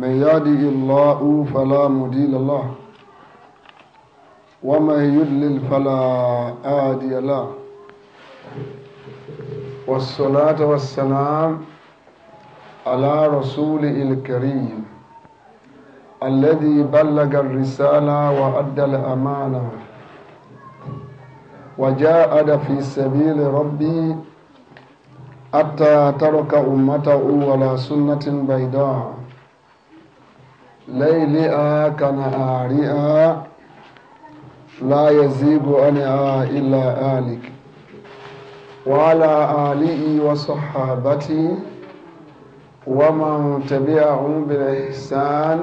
من يهده الله فلا مضل له ومن يضلل فلا هادي له والصلاة والسلام على رسول الكريم الذي بلغ الرسالة وأدى الأمانة وجاهد في سبيل ربي حتى ترك أمته على سنة بيضاء ليلها كنهارها لا يزيغ عنها إلا هالك وعلى آله وصحابتي ومن تبعهم بالإحسان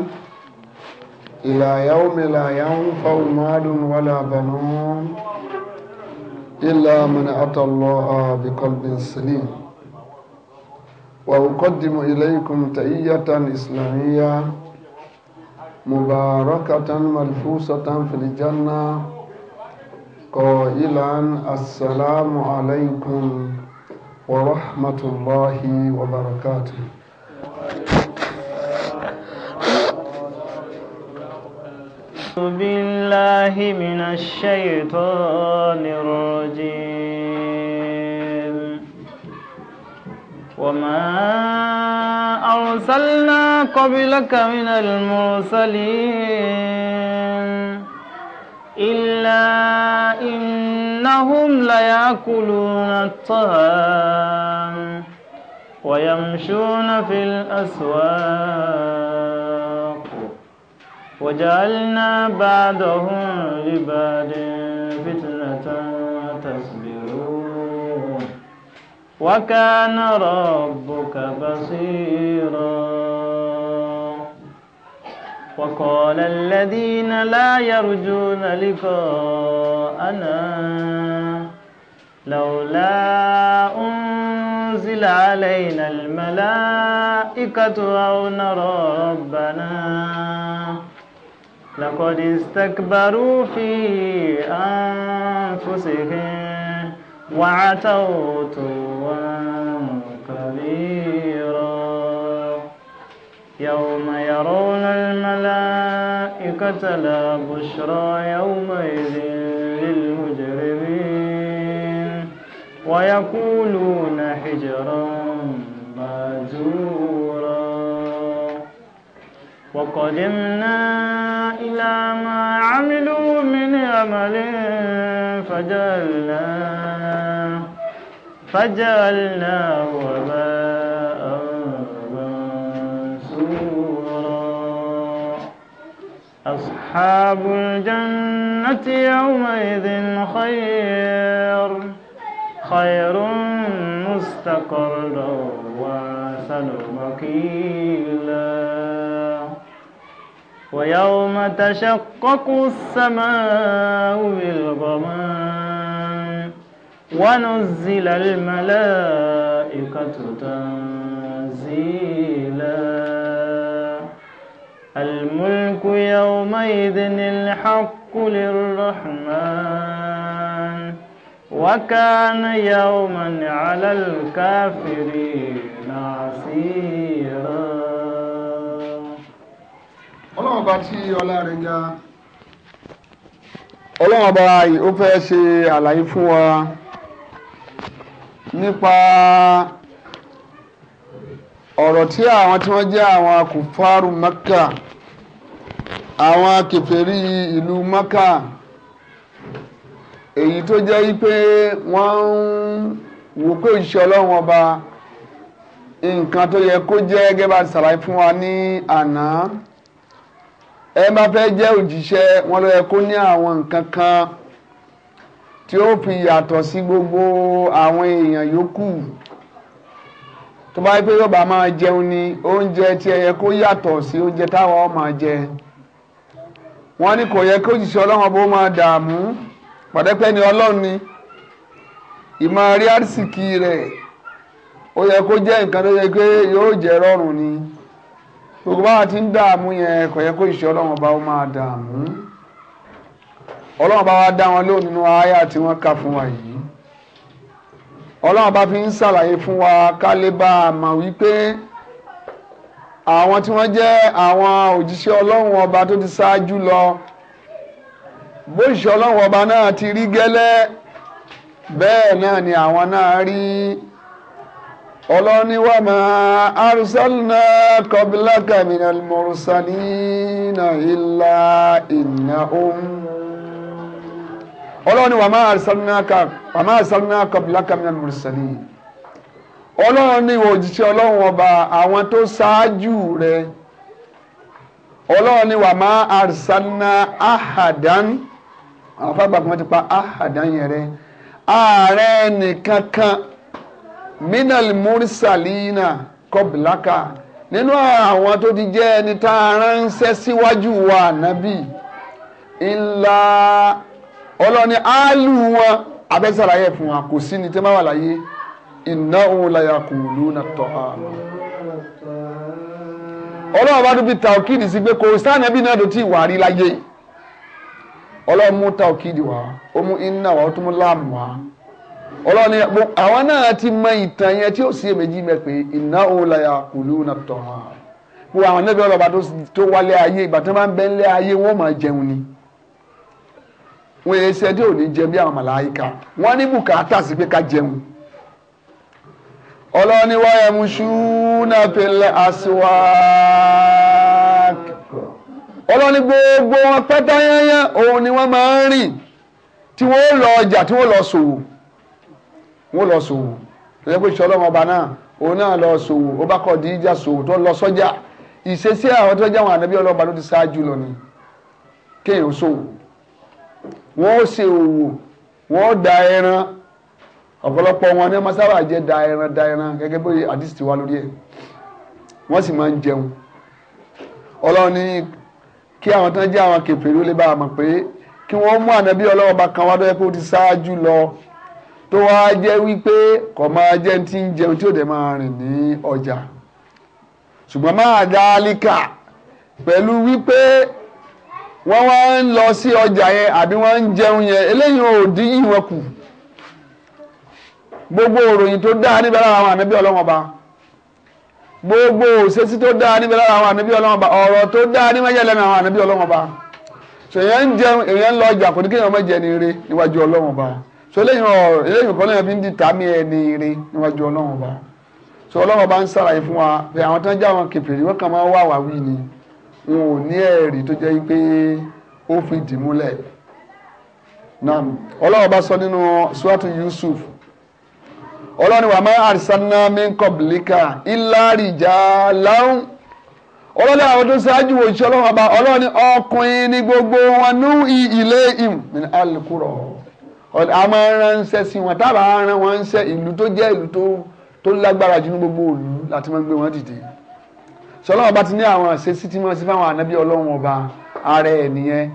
إلى يوم لا ينفع مال ولا بنون إلا من أتى الله بقلب سليم وأقدم إليكم تحية إسلامية مباركة ملفوسة في الجنة قائلا السلام عليكم ورحمة الله وبركاته أعوذ بالله من الشيطان الرجيم وما أرسلنا قبلك من المرسلين إلا إنهم ليأكلون الطعام ويمشون في الأسواق وجعلنا بعدهم لبعد فتنة تصبرون وكان ربك بصيرا وقال الذين لا يرجون لقاءنا لولا أنزل علينا الملائكة أو نرى ربنا لقد استكبروا في أنفسهم وعتوا كبيرا يوم يرون الملائكة لا بشرى يومئذ للمجرمين ويقولون حجرا ماجورا وقدمنا إلى ما عملوا من عمل فجعلناه فجعلناه وباء منثورا أصحاب الجنة يومئذ خير خير مستقرا وأحسن مقيلا ويوم تشقق السماء بالغمام ونزل الملائكة تنزيلا الملك يومئذ الحق للرحمن وكان يوما على الكافرين عسيرا ọlọ́run ọba tí ọlá rẹ̀ ga ọlọ́run ọba yìí ó fẹ́ ṣe àlàyé fún wa nípa ọ̀rọ̀ tí àwọn tí wọ́n jẹ́ àwọn akùfàrù Mẹ́kà àwọn kèfèrí ìlú Mẹ́kà èyí tó jẹ́ wípé wọ́n ń wò pé òṣìṣẹ́ ọlọ́run ọba nǹkan tó yẹ kó jẹ́ gẹ́gẹ́ bá ṣàlàyé fún wa ní àná ẹ bá fẹ́ jẹ́ òjíṣẹ́ wọn ló yẹ kó ní àwọn nǹkan kan tí ó fi yàtọ̀ sí gbogbo àwọn èèyàn yòókù tó bá yẹ pé yóò máa jẹun ni oúnjẹ tí ẹ yẹ kó yàtọ̀ sí oúnjẹ táwọn ọ máa jẹ wọ́n ní kò yẹ kí òjìṣẹ́ ọlọ́run bó máa dààmú pàdépẹ́ ni ọlọ́run ni ìmọ̀ rí àrísìkì rẹ̀ ó yẹ kó jẹ́ nǹkan tó yẹ pé yóò ni gbogbo báwa ti ń dààmú yẹn kò yẹ kó òjìṣẹ́ ọlọ́run ó ọlọ́run bá wá dá wọn lóhùn nínú àyà tí wọ́n kà fún wa yìí ọlọ́run bá fi ń ṣàlàyé fún wa ká lè bá a mọ̀ wípé àwọn tí wọ́n jẹ́ àwọn òjíṣẹ́ ọlọ́run ọba tó ti ṣáájú lọ bóṣìṣẹ́ ọlọ́run ọba náà ti rí gẹ́lẹ́ bẹ́ẹ̀ náà ni àwọn náà rí ọlọ́niwà máa arúsálùnà kọbílákà mìíràn mọ̀rùsálì náà ìlà um ìnáhùn ọlọ́run wàmá àrísàlùnáka wàmá àrísàlùnáka bìlákàmínà mùrùsàlì ọlọ́run ní òjíṣẹ́ ọlọ́run ọba àwọn tó ṣáájú rẹ̀ ọlọ́run ní wàmá àrísàlùná àhàdán àwọn afábà kan ti pa àhàdán yẹn rẹ ààrẹ nìkankan minal mùrùsàlìnà kọbìláka nínú àwọn tó ti jẹ́ ẹni tá a ránṣẹ́ síwájú wa nàbì ńlá ọlọ́ni áálù wọn abẹ́sàlàyé fún wa kò sí ni tẹ́ máa wà láyé iná òun láyà kò lù nà tọ́ a. ọlọ́run bá tún fi tàókìdì sí pé kò sáànà bí náà tó ti wà rí láyé ọlọ́run mú tàókìdì wá ó mú iná wá ó tún mú láàmù wá ọlọ́run ni àwọn náà ti mọ ìtàn yẹn tí ó sì èméjì mẹ́ pé iná òun láyà kò lù nà tọ́ a. gbogbo àwọn ẹ̀nẹ́bí ọlọ́ba tó wálé ayé ìgbà tó máa ń bẹ́ńlẹ̀ ayé wọ́n máa jẹun ni wọn èyí ṣe tí ò ní jẹ bí àwọn màláìka wọn ní bùkátà sí pé ká jẹun ọlọ́ni wáyà mùsùlùmí pẹ̀lẹ́ àṣewák ọlọ́ni gbogbo wọn pátá òun ni wọ́n máa ń rìn tí wọ́n lọ ọjà tí wọ́n lọ ṣòwò wọ́n lọ ṣòwò tó yẹ pé ṣe ọlọ́mọ ọba náà òun náà lọ ṣòwò ó bá kọ̀ díjà ṣòwò tó lọ sọ́jà ìṣesí àwọn tó jẹ́ àwọn ànábí ọlọ́ba ló ti ṣáájú lọ ni kéèyàn ṣòwò wọ́n ó ṣe òwò wọ́n ó da ẹran ọ̀pọ̀lọpọ̀ wọn ní masáwà jẹ́ da ẹran da ẹran gẹ́gẹ́ bí àdìsí ti wá lórí ẹ̀ wọ́n sì máa ń jẹun ọlọ́run ní kí àwọn tán jẹ́ àwọn kèfèrí ó lè bá a mọ̀ pé kí wọ́n mú ànábí ọlọ́run bá kan wá tó yẹ kó ti ṣáájú lọ tó wá jẹ́ wípé kò máa jẹ́ ti ń jẹun tí ò dẹ̀ máa rìn ní ọjà ṣùgbọ́n máa dá líkà pẹ̀lú wípé wọ́n wá ń lọ sí ọjà yẹn àbí wọ́n ń jẹun yẹn eléyìí ò dín ìwọ̀n kù gbogbo òròyìn tó dáa níbẹ̀ lára àwọn ànábì ọlọ́run ọba gbogbo òṣèṣì tó dáa níbẹ̀ lára àwọn ànábì ọlọ́run ọba ọ̀rọ̀ tó dáa ní mẹ́jẹ̀ lẹ́nu àwọn ànábì ọlọ́run ọba so èèyàn ń jẹun èèyàn ń lọ ọjà kò ní kéèyàn mẹ́jẹ ní ire níwájú ọlọ́run ọba so eléyìí ọ̀rọ̀ eléyìí kan lẹ́yìn fi ń di tàmí ẹ wa pé n ò ní ẹ̀rí tó jẹ́ pé ó fi dì múlẹ̀ naam ọlọ́run bá sọ nínú suratu Yusuf ọlọ́run wà máa àrísánná min qablika illa rijalan ọlọ́run àwọn tó ṣáájú wò iṣẹ́ ọlọ́run ọba ọlọ́run ọkùnrin ní gbogbo wọn ní ilé im min al a máa ránṣẹ́ sí wọn tábà rán wọn ń ṣe ìlú tó jẹ́ ìlú tó lágbára jù ní gbogbo ìlú láti máa gbé wọn dìde sọlọ́wọ́ bá ti ní àwọn àṣesí tí wọ́n ti fáwọn ànábì ọlọ́run ọba ara ẹ̀ nìyẹn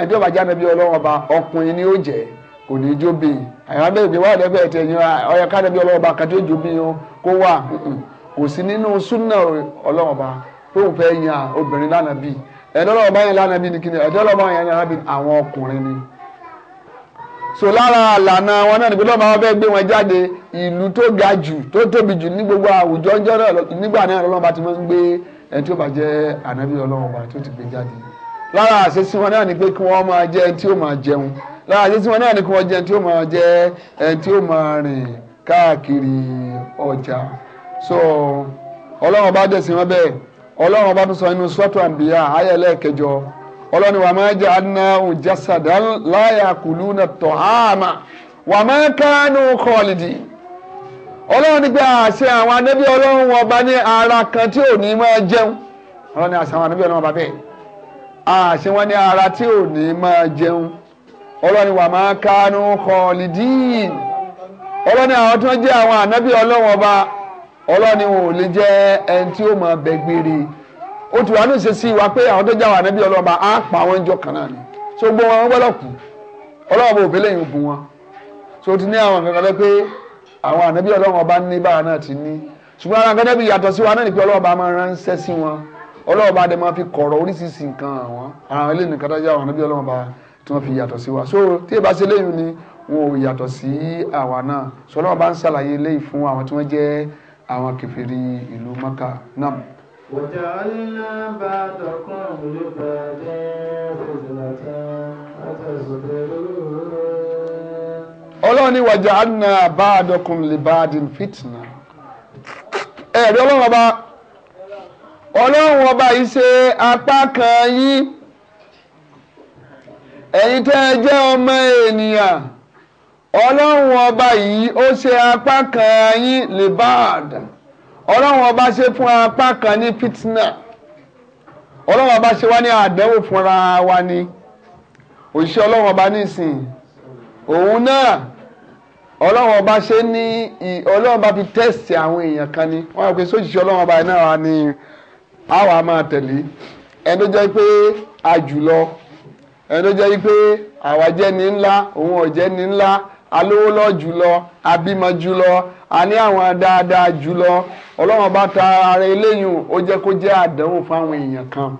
ẹni ọba jẹ́ ànábì ọlọ́run ọba ọkùnrin ni ó jẹ́ kò ní í jóbi àyàn bẹ́ẹ̀ gbé wà lẹ́fẹ̀ẹ́ tẹ̀ yín ọyọ kánábì ọlọ́run ọba kàtí ó jóbi yín kó wà kò sí nínú súnà ọlọ́run ọba tó ń fẹ́ yan obìnrin lánàbì ẹ̀dọ́lọ́wọ́ bá ni kíni ẹ̀dọ́lọ́wọ́ bá yẹn lánàbì àwọn ọkùnrin ni so lára àlànà wọn náà nígbà máa fẹ́ gbé wọn jáde ìlú tó ga jù tó tóbi jù ní gbogbo àwùjọ nígbà náà lọ́lọ́ba ti máa ń gbé ẹni tí ó bá jẹ́ ànábì ọlọ́run ọba tó ti gbé jáde lára àṣesí wọn náà ni pé kí wọ́n máa jẹ ẹni tí ó máa jẹun lára àṣesí wọn náà ni kí wọ́n jẹ ẹni tí ó máa jẹ ẹni tí ó máa rìn káàkiri ọjà so ọlọ́run ọba dẹ̀ sí wọn bẹ́ẹ̀ ọlọ́run ọba tó sọ inú sọ́tò àǹbíyá ayẹlẹ́ kẹjọ ọlọ́ni wà máa jẹ́ aná òjásàdá láyà kùlú náà tọ̀ áàmà wà máa kánú kọ́ọ̀lìdì ọlọ́run ní pé àṣẹ àwọn anábí ọlọ́run ọba ní ara kan tí ò ní máa jẹun ọlọ́run ní àṣẹ àwọn anábí ọlọ́run ọba bẹ́ẹ̀ àṣẹ wọn ní ara tí ò ní máa jẹun ọlọ́run ní wà máa kánú kọ́ọ̀lìdín ọlọ́run ní àwọn tó ń jẹ́ àwọn anábí ọlọ́run ọba ọlọ́run ní wọn ò lè jẹ́ ẹni tí ó máa bẹ gbére ó ti wà ní ìṣesí wa pé àwọn tó jẹ́ àwọn anábí ọlọ́run ọba á pa àwọn ìjọ kan náà ni so gbogbo wọn wọ́lọ́kù ọlọ́run ọba òbí lẹ́yìn so ti ní àwọn kankan àwọn ànábì ọlọ́run ọba ní báwa náà ti ní ṣùgbọ́n ara gẹ́gẹ́ bí yàtọ̀ sí wa náà ní pé ọlọ́run máa ránṣẹ́ sí wọn ọlọ́run ọba dẹ̀ máa fi kọ̀rọ̀ oríṣiríṣi nǹkan àwọn àwọn ilé nìkan dájá àwọn ànábì ọlọ́run ọba tí wọ́n fi yàtọ̀ sí wa so tí ì bá ṣe léyìn ni wọn ò yàtọ̀ sí àwa náà sọ ọlọ́run ọba ń ṣàlàyé léyìn fún àwọn tí wọ́n jẹ́ àwọn kèfèrí ìlú Mákà náà. وجعلنا ọlọ́run ni wàjà àná báàdọ́kùn lè báàdín fìtìnà ẹ̀rí ọlọ́run ọba ọlọ́run ọba yìí ṣe apá kan yín ẹ̀yin tẹ́ ẹ jẹ́ ọmọ ènìyàn ọlọ́run ọba yìí ó ṣe apá kan yín lè báàdà ọlọ́run ọba ṣe fún apá kan ní fìtìnà ọlọ́run ọba ṣe wá ní àdánwò fúnra wa ni òṣìṣẹ́ ọlọ́run ọba nísìnyí òun náà ọlọ́run ọba ṣe ní ọlọ́run ọba fi tẹ́sì àwọn èèyàn kan ni wọ́n á pè sójìṣẹ́ ọlọ́run ọba náà wà ní àwọn a máa tẹ̀lé ẹni tó jẹ́ pé a jùlọ ẹni tó jẹ́ pé àwa jẹ́ ní ńlá òun ò jẹ́ ní ńlá alówó lọ jùlọ abímọ jùlọ a ní àwọn dáadáa jùlọ ọlọ́run ọba ta ara eléyìn ó jẹ́ kó jẹ́ àdánwò fáwọn èèyàn kan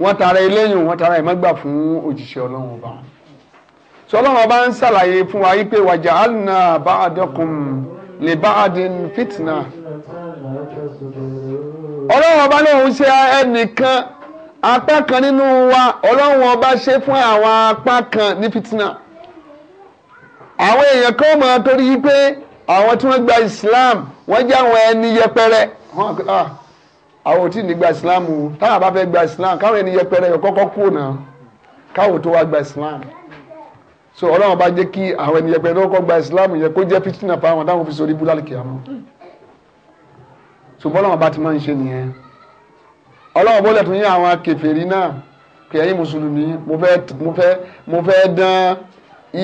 wọ́n tara eléyìn wọ́n tara ìmọ́gbà fún òjìṣẹ́ ọlọ́run ọba wọn sọlọ́wọ́n bá ń ṣàlàyé fún wa wípé wàjà alùnà ba'adakum li ba'adin fitna ọlọ́wọ́n bá lóun ṣe ẹnìkan apá kan nínú wa ọlọ́wọ́n bá ṣe fún àwọn apá kan ní fitna àwọn èèyàn kan mọ̀ torí pé àwọn tí wọ́n gba Islam wọ́n jẹ́ àwọn ẹni yẹpẹrẹ ah, àwọn ò tí ì ní gba Islam o táwọn bá fẹ́ gba Islam káwọn ẹni yẹpẹrẹ yọ kọ́kọ́ kú náà káwọn tó wá gba Islam so ọlọ́run bá jẹ́ kí àwọn ẹni yẹpẹrẹ lọ́kọ́ gba islam yẹ kó jẹ́ fitina pa àwọn táwọn fi sori bú lálẹ́ kìámọ́ so bọ́lọ́run bá ti máa ń ṣe nìyẹn ọlọ́run bó lẹ́tún yín àwọn kèfèrí náà kì í ẹ̀yin mùsùlùmí mo fẹ́ mo fẹ́ mo fẹ́ dán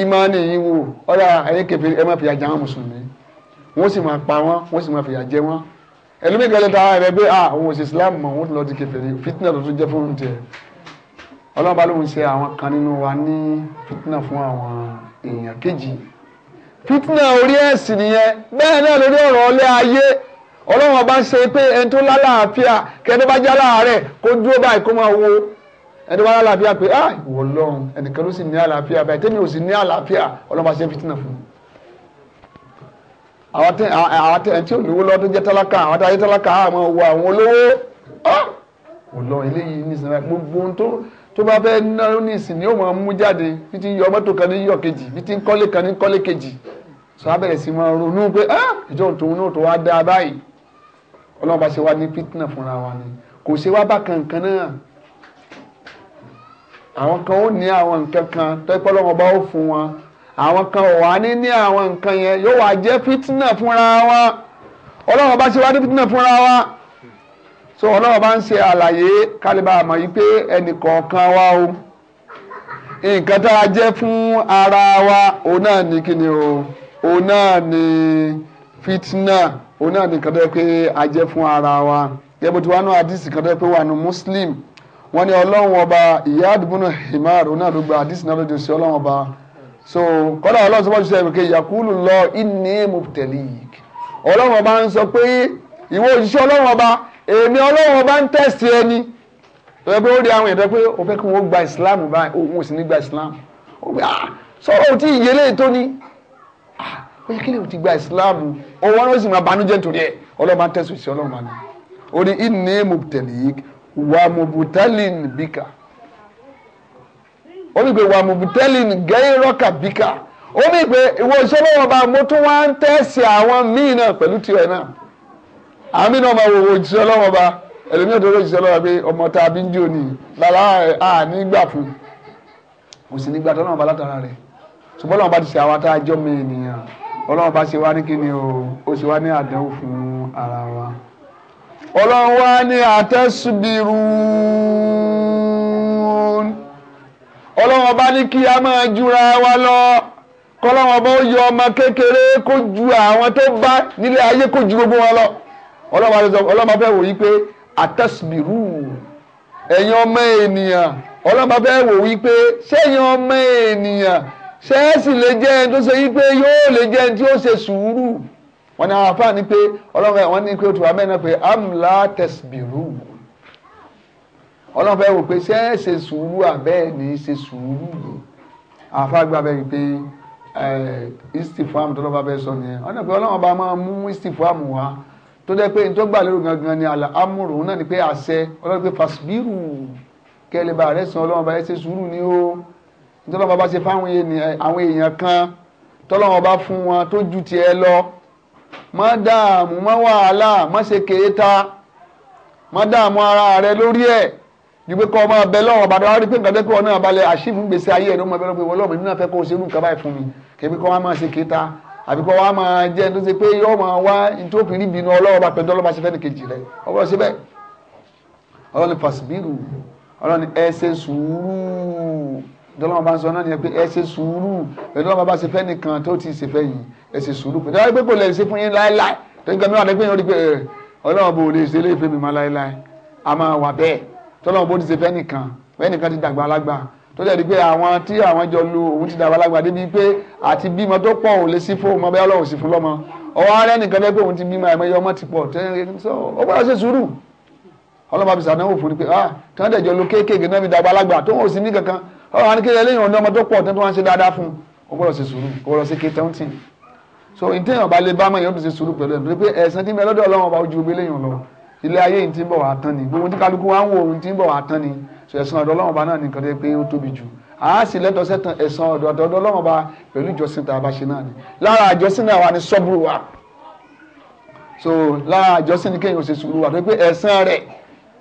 ìmánì yín wò ọ̀là ẹ̀yin kèfèrí ẹ máa fìyà jẹ àwọn mùsùlùmí wọ́n sì máa pa wọ́n wọ́n sì máa fìyà jẹ wọ́n ẹlòmíkan lẹ́ta ẹ̀rẹ́ pé ah òun ò sí islam mọ̀ òun ti lọ́ọ́ di kèfèrí fitina tó tún jẹ́ fún un ọlọ́run bá lóun ṣe àwọn kan nínú wa ní fitna fún àwọn èèyàn kejì fitna orí ẹ̀sìn nìyẹn bẹ́ẹ̀ náà lórí ọ̀rọ̀ ọlẹ́ ayé ọlọ́run ọba ṣe pé ẹni tó lálàáfíà kẹ́ni bá já láàárẹ̀ kó dúró báyìí kó máa wo ẹni bá lálàáfíà pé ah ìwọ lọ́run ẹnìkan ló sì ní àlàáfíà báyìí tẹ́mi ò sì ní àlàáfíà ọlọ́run ṣe fitna fún un àwọn tẹ àwọn tẹ tí olówó lọ́dún jẹ́ tálákà àwọn tẹ ayé tálákà àmọ́ wo àwọn olówó ah ọlọ́run eléyìí ní gbogbo ohun tó tó bá fẹ́ náírà ní ìsìn ni ó máa mú jáde bí ti yọ mọ́tò kan ní yọ kejì bí ti ń kọ́lé kan ní kọ́lé kejì sọ abẹ́rẹ́ sí máa ronú pé ìjọ tòun náà tó wá dá báyìí ọlọ́run bá ṣe wá ní fitna fúnra wa ni kò ṣe wá bá kankan náà àwọn kan ó ní àwọn nǹkan kan tẹ́pẹ́ ọlọ́run ọba ó fún wọn àwọn kan ò wá ní ní àwọn nǹkan yẹn yóò wá jẹ́ fitna fúnra wa ọlọ́run bá ṣe wá ní fitna fúnra wa. so ọlọ́run bá ń ṣe àlàyé kálíbà àmọ́ yìí pé ẹnì kọ̀ọ̀kan o nǹkan tá a jẹ́ fún ara wa òun náà ní kíni o òun náà ní fitna òun náà ní nǹkan pé a jẹ́ fún ara wa gẹ́gẹ́ bó ti wá nù àdìsí pé wà muslim wọ́n ni ọlọ́run ọba ìyá àdúgbò himar òun náà ló gba sọ fọ́jú sẹ́yìn yakulu lọ ọlọ́run ọba ń sọ pé òjíṣẹ́ ọba èmi ọlọ́run ọba ń tẹ̀sí ẹni ebe pé ó rí àwọn èèyàn pé o fẹ́ kí wọ́n gba islam báyìí òun ò sì ní gba islam ó gbé ah sọ̀rọ̀ òtí ìyẹlé tó ní ah ó yẹ kí ti gba islam òun wọn ó sì máa banújẹ́ nítorí ẹ̀ ọlọ́run máa ń tẹ̀sí sí ọlọ́run máa ní. ní ìní mubtalik wà mubtalin bíkà ó ní pé wà mubtalin gẹ́rọ́kà bíkà ó ní pé ìwọ ìṣọ́lọ́wọ́ bá mo tún wá ń tẹ̀sí àwọn míì náà pẹ̀lú tiẹ̀ náà. àmì náà máa wo òjíṣẹ́ ọlọ́wọ́n ba ẹlòmíràn tó lójíṣẹ́ ọlọ́wọ́ pé ọmọ tá a bí ń dí òní lára à nígbà fún kò sí nígbà tó ọlọ́wọ́n ba látara rẹ̀ ṣùgbọ́n ọlọ́wọ́n bá ti ṣe àwa tá a jọ́ mi ènìyàn ọlọ́wọ́n bá ṣe wá ní kíni o ó ṣe wá ní àdánwò fún ara wa ọlọ́run wá ní àtẹ́sùbìrù ọlọ́run ọba ní kí a máa jura wa lọ kọ́lọ́run ọba ó yọ ọmọ kékeré kó ju àwọn tó bá nílé ayé kó ju gbogbo wọn lọ ọlọ́mọ fẹ́ wò yí pé àtẹ̀sìmìrú ẹ̀yin ọmọ ènìyàn ọlọ́mọ fẹ́ wò yí pé sẹ́yìn ọmọ ènìyàn sẹ́ẹ̀sì lè jẹ́ ẹni tó ṣe yí pé yóò lè jẹ́ ẹni tí ó ṣe sùúrù wọ́n ní àwọn afáà ní pé ọlọ́mọ wọn ní pé òtún amẹ́nà pé amla tẹ̀sìmìrú ọlọ́mọ fẹ́ wò pé sẹ́ẹ̀sì sùúrù àbẹ́ẹ̀ ní ṣe sùúrù àfáà gbà bẹ́ẹ̀ pé istifam tọ́lọ́ bá bẹ́ẹ̀ sọ nìyẹn ọ̀nà pé ọlọ́mọ bá máa mú istifam wá tó jẹ́ pé nítorí gbà lérò gangan ni àlà amúrò náà ni pé àṣẹ ọlọ́run pé fàṣbírù kẹlẹ́bà rẹ̀ sàn ọlọ́run bá yẹ ṣe sùúrù ni ó nítorí ọba bá ṣe fáwọn èèyàn kan tọ́lọ́run bá fún wọn tó ju tiẹ̀ lọ má dààmú má wàhálà má ṣe kéèta má dààmú ara rẹ lórí ẹ̀ ju pé kọ́ ọmọ abẹ lọ́wọ́ ọba dáwọ́ rí pé nǹkan tẹ́kọ̀ọ́ náà balẹ̀ àṣìfún gbèsè ayé ẹ̀ ló mọ àbíkọ́ wa máa jẹ́ tó ṣe pé yóò máa wá ìtòkìrí ìbínú ọlọ́wọ́ bá pẹ̀lú ọlọ́ba ṣe fẹ́ ní kejì rẹ̀ ọgbọ́n ṣe bẹ́ẹ̀ ni fàṣibírù ọlọ́ni ẹ ṣe sùúrù dọ́lọ́mọ bá ń sọ náà ni pé ẹ ṣe sùúrù pẹ̀lú ọlọ́mọ bá ṣe fẹ́ nìkan tó ti ṣe fẹ́ yìí ẹ ṣe sùúrù pẹ̀lú ọlọ́mọ pé kò lè ṣe fún yín láéláé tó ń gbẹ mẹ́wàá lẹ́gbẹ̀ẹ́ yóò rí pé eh, tó dẹ̀ di pé àwọn tí àwọn jọ lu òun ti dàgbà lágbà débi pé àti bímọ tó pọ̀ òun lè sí fóun mọ bẹ́ẹ̀ ọlọ́run sì fún lọ́mọ ọwọ́ arẹ́ nìkan dẹ́ pé òun ti bímọ àìmọye ọmọ ti pọ̀ tẹ́lẹ̀ sọ ọ gbọ́dọ̀ ṣe sùúrù ọlọ́mọ àbísà náà wò fún ni pé ah tí wọ́n dẹ̀ jọ lu kéékèèké náà fi dàgbà lágbà tó wọ́n sì ní kankan ọlọ́run àníkéyẹ lẹ́yìn ọ̀dọ́ ọmọ tó pọ̀ tẹ́ tó wá ń ṣe dáadáa fún ọ gbọ́dọ̀ ṣe sùúrù ọ gbọ́dọ̀ ṣe kéétẹ́ńtìn so ìtẹ̀yìn ọba lè bá mọ̀ yẹn ó ti ṣe sùúrù pẹ̀lú ẹ̀ pé ẹ̀sán tí ilé ayé yìí ti ń bọ̀ wá tán ni gbogbo tí kálukú wá ń wo ohun tí ń bọ̀ wá tán ni sọ ẹ̀san ọ̀dọ̀ Ọlọ́run ọba náà nìkan tó yẹ pé ó tóbi jù a sì lẹ́tọ̀ sẹ́tàn ẹ̀san ọ̀dọ̀ ọ̀dọ̀ Ọlọ́run pẹ̀lú ìjọsìn tá a bá ṣe náà ni lára àjọsìn náà wà ní sọ́bùrù wa so lára àjọsìn ni kéèyàn ò ṣe sùúrù wa tó pé ẹ̀san rẹ̀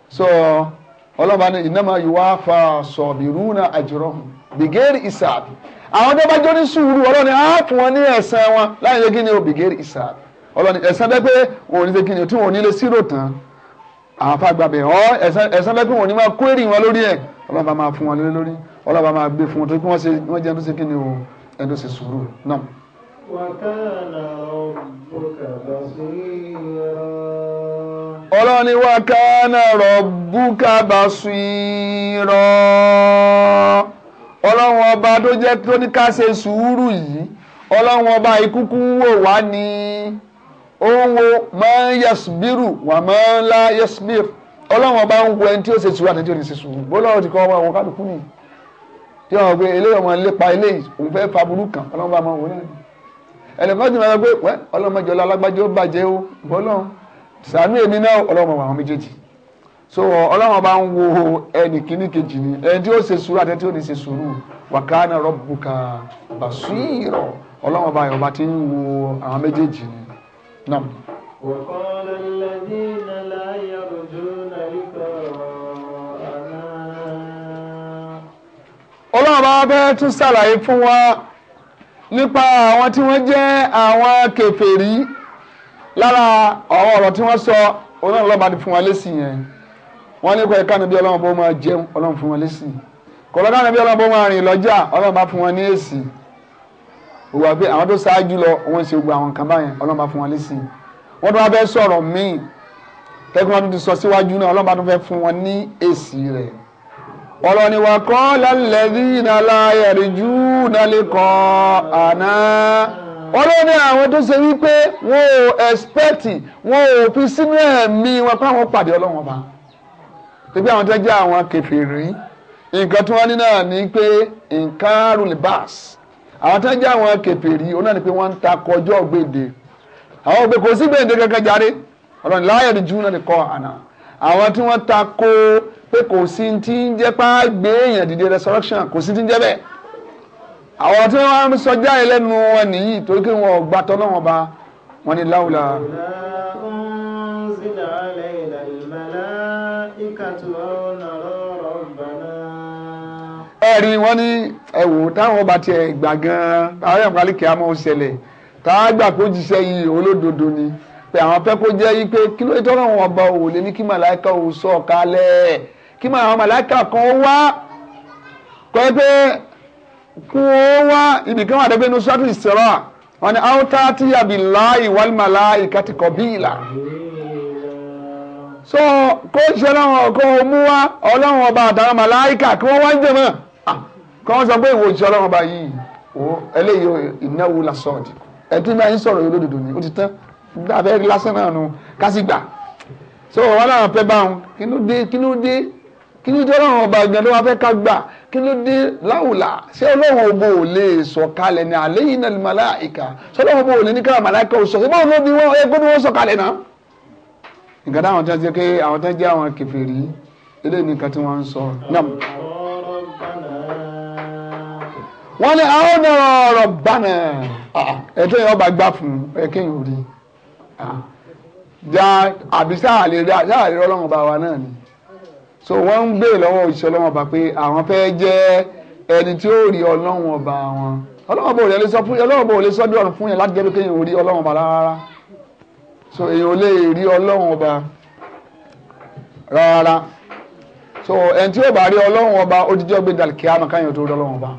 so Ọlọ́run ọba ní ìnáma ìwà fa sọ̀bìrúnà àjọrọ̀ bìgẹ́rì ìsàbì àwọn tó bá jó ní sùúrù Ọlọ́run ni á fún ọlọ́ni ẹ̀sán bẹ́ẹ̀ pé wọn ní ṣe kí ni tí wọn ò ní lè sírò tán àwọn afa gbàgbé ọ ẹ̀sán bẹ́ẹ̀ pé wọn ò ní máa kó èrè wọn lórí ẹ̀ ọlọ́ba máa fún wọn lórí ọlọ́ba máa gbé fún wọn tó kí wọ́n ṣe wọ́n jẹ́ ẹni tó ṣe kí ni o ẹni tó ṣe sùúrù náà. ọlọ́ni wa kana rabbuka basira ọlọ́run ọba tó jẹ́ tó ní ká ṣe sùúrù yìí ọlọ́run ọba ìkúkú wò wá ní ó ń wo máa ń yasbiru wà máa ń la yasbir ọlọ́run ọba ń wo ẹni tí ó ṣe sùúrù àti tí ó ṣe sùúrù bọ́lọ́run ti kọ́ ọmọ àwọn kálukú nì tí wọn gbé eléyìí ọmọ lépa eléyìí òun fẹ́ fa burú kan ọlọ́run bá máa wò náà ẹnìkan ti máa gbé wẹ́ ọlọ́run mọ́jọ lálágbájá ó bàjẹ́ ó bọ́lọ́run sàánú èmi náà ọlọ́run ọba àwọn méjèèjì so ọlọ́run bá ń wo ẹnì kíní kejì ni ẹni tí ó ṣe sùúrù àti tí ó ní ṣe sùúrù wàkánà rọ́bùkà bàṣírọ̀ ọlọ́run bá yọ̀ ti ń wo àwọn méjèèjì ni نعم وقال الذين لا يرجون لقاءنا ọlọ́run bá bẹ́ tún ṣàlàyé fún wa nípa àwọn tí wọ́n jẹ́ àwọn kèfèrí lára àwọn ọ̀rọ̀ tí wọ́n sọ ọlọ́run lọ́ba ti fún wa lésì yẹn wọ́n ní kọ́ ẹ̀ka níbi ọlọ́run bó máa jẹun ọlọ́run fún wa lésì kọ̀ọ̀lọ́ká níbi ọlọ́run bó máa rìn lọ́jà ọlọ́run bá fún wa ní èsì òwò àgbẹ̀ àwọn tó ṣáájú lọ wọ́n ṣe gbogbo àwọn nǹkan báyẹn ọlọ́run bá fún wọn lésì wọ́n tó wá fẹ́ sọ̀rọ̀ míì tẹ́kùn wọn tó ti sọ síwájú náà ọlọ́run bá tó fẹ́ fún wọn ní èsì rẹ̀ ọlọ́ni wa kọ́ lálẹ́dínà láyẹ̀rìjú nálẹ́kọ̀ àná ọlọ́ni àwọn tó ṣe wípé wọn ò ẹ̀spẹ́tì wọn ò fi sínú ẹ̀mí wọn pé àwọn pàdé ọlọ́wọ́n bá nǹkan tí wọ́n ní náà ni pé nǹkan rúlẹ̀ báàsì àwọn tó ń jẹ́ àwọn kèfèrí onáà ni pé wọ́n ń ta kọjọ́ gbèdè àwọn òbí kò sí gbèdè gẹ́gẹ́ jáde ọ̀rọ̀ láyé ni jù náà ni kọ́ àná àwọn tí wọ́n ta kó pé kò sí ti ń jẹ́ pá èèyàn dìde resurrection kò sí ti ń jẹ́ bẹ́ẹ̀ àwọn tí wọ́n sọ jáde lẹ́nu wọn nìyí torí pé wọn gbàtọ́ náà wọn ba wọn ni láwùlà. ẹ̀rí wọ́n ní ẹ̀wò táwọn ọba tiẹ̀ gbà gan-an àwọn èèyàn parí kí a mọ̀ ṣẹlẹ̀ tá a gbà kó jíṣẹ́ yìí olódodo ni pé àwọn fẹ́ kó jẹ́ yìí pé kí ló tọ́nà wọn ọba ò lè ní kí màláìka ò sọ kalẹ̀ kí àwọn màláìka kan wá kọ́ ẹ pé kó wá ibìkan wà dẹ́gbẹ́ ní sọ́tún ìṣẹ́rà wọn ni àwọn tá a ti yàbí láì wal màláìka ti kọ̀ bí ìlà so kó ṣe láwọn ọkọ mú wá ọlọ́run ọba àtàwọn màláìka kí wọ́n wá ń jẹ kọ́ sọ pé ìwò òjíṣẹ́ ọlọ́run ọba yìí wò eléyìí ìnáwó la sọ́ọ̀dì ẹtí bá yín sọ̀rọ̀ yìí olódodo ni ó ti tán abẹ́ lásán náà nu kásì gbà so wọn náà fẹ́ bá wọn kí ló dé kí ló dé kí ló dé ọlọ́run ọba gan ló wá fẹ́ ká gbà kí ló dé láwùlà ṣé ọlọ́run ọba ò lè sọ kalẹ̀ ní alẹ́ yìí náà màláìka ṣé ọlọ́run ọba ò lè ní kára màláìka ò sọ ṣé báwo ló bí wọn ẹ gbọ́dọ̀ wọn sọ kalẹ̀ náà nǹkan táwọn tó ń jẹ́ pé àwọn tó ń jẹ́ àwọn kèfèrí eléyìí nǹkan tí wọ́n ń sọ náà wọ́n ní àwọn ọ̀nà ọ̀rọ̀ gbànà ah, ah. ẹ̀tọ́ yẹn ah. ọba gbà fún ẹ̀kẹ́yìn orí já àbí sáà lè bá wa náà ni so wọ́n ń gbé lọ́wọ́ òṣìṣẹ́ ọlọ́run ọba pé àwọn fẹ́ jẹ́ ẹni tí ó rí ọlọ́run ọba wọn ọlọ́run ọba ò lè sọ fún ọlọ́run ọba lè sọ bí ọ̀run fún yẹn láti jẹ́ pé kéèyàn ò rí ọlọ́run ọba rárá so èèyàn ò lè rí ọlọ́run ọba rárá so ẹni tí ó bá rí ọlọ́run ọba ó ti jọ́ gbé dàlùkì àmọ́ káyọ̀ tó rí ọlọ́run ọba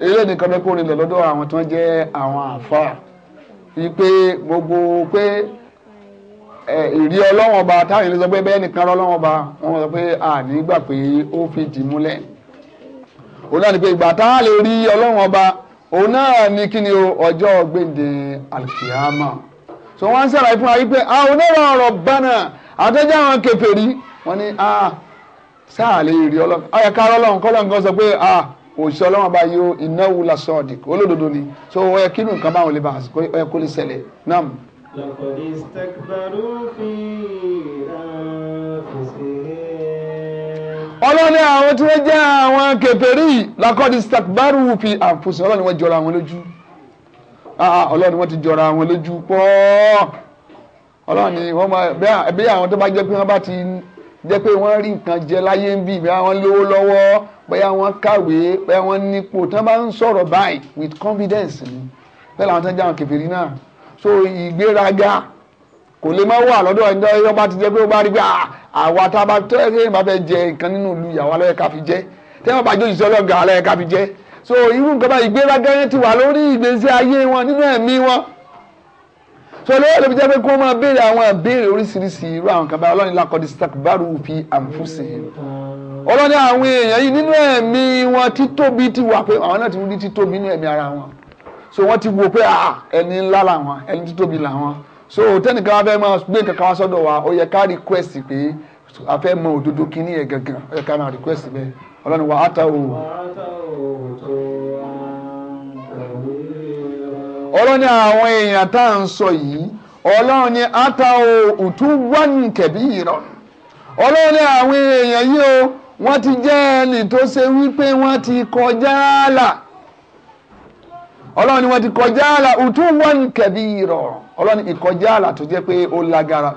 eré nìkan ló kó rinlẹ̀ lọ́dọ̀ àwọn tó ń jẹ́ àwọn àfáà wípé gbogbo pé ìrí ọlọ́wọ́n ọba táwọn ènìyàn sọ pé bẹ́ẹ̀ nìkan rọ ọlọ́wọ́n ọba wọn sọ pé àní gbà pé ó fi dì múlẹ̀ òun náà ni pé ìgbà táwọn lè rí ọlọ́wọ́n ọba òun náà ni kí ni ọjọ́ gbèǹde alkiyama so wọ́n ń sàlàyé fún wa wípé àwọn onírọ̀ ọ̀rọ̀ bánà àtẹ́jọ́ àwọn kèfèrí wọ́n ní sáà lè rí ọlọ́wọ́n ọ̀yẹ̀ká ọlọ́wọ́n kọ́lọ́ òṣìṣẹ́ ọlọ́wọ́n bá yóò innahu la sadiq olódodo ni so ó yẹ kínú nǹkan báwọn lè bá àsìkò ó yẹ kó lè ṣẹlẹ̀ nam. laqad istakbaru fi anfusihim. ọlọ́ni àwọn tí wọ́n jẹ́ àwọn kèfèrí laqad istakbaru fi anfusihim ọlọ́ni wọ́n jọra àwọn lójú ah, ọlọ́ni wọ́n ti jọra àwọn lójú pọ́ọ́ ọlọ́ni wọ́n máa bí àwọn tó bá jẹ́ pé wọ́n bá ti jẹ́ pé wọ́n rí nǹkan jẹ láyé ń bì bóyá wọ́n lówó lọ́wọ́ bóyá wọ́n kàwé bóyá wọ́n nípò tí wọ́n bá ń sọ̀rọ̀ báyìí with confidence ni bẹ́ẹ̀ làwọn tó ń jẹ́ àwọn kèfèrí náà so ìgbéraga kò lè má wà lọ́dọ̀ ẹ̀ńdọ́ ẹ̀yọ́ bá ti jẹ́ pé ó bá rí pé ah, àwa tá a bá tẹ́ ẹ̀yìn bá fẹ́ jẹ nǹkan nínú ìlú ìyàwó alẹ́ ká fi jẹ́ tẹ́wọ́n bá jójúṣe ọlọ́gà alẹ́ ká fi jẹ́ so irú nǹkan bá ìgbéraga yẹn ti wà lórí ìgbésí ayé wọn nínú ẹ̀mí wọn sọlẹ́ ló fi jẹ́ pé kí wọ́n máa béèrè àwọn àbéèrè oríṣiríṣi irú àwọn kan bá ọlọ́ni lakọ́dí stakbaru fi àǹfùsì ọlọ́ni àwọn èèyàn yìí nínú ẹ̀mí wọn títóbi ti wà pé àwọn náà ti rí títóbi nínú ẹ̀mí ara wọn so wọ́n ti wo pé ah, ah, ẹni ńlá làwọn ẹni títóbi làwọn so tẹ́nìkan wá fẹ́ máa gbé kankan wá sọ́dọ̀ wa ó yẹ ká request pé a fẹ́ mọ òdodo kíní yẹn gangan ó yẹ ká máa request bẹ́ẹ̀ ọlọ́ni wa á ta òòrùn ọlọ́ni àwọn èèyàn tá à ń sọ yìí ọlọ́run ni àtàwọn òtúwọ́n kẹ̀bí ìrọ̀rùn ọlọ́run ni àwọn èèyàn yìí o wọ́n ti jẹ́ ẹni tó ṣe wípé wọ́n ti kọjá àlà ọlọ́run ni wọ́n ti kọjá àlà òtúwọ́n kẹ̀bí ìrọ̀rùn ọlọ́run ìkọjá àlà tó jẹ́ pé ó lágbára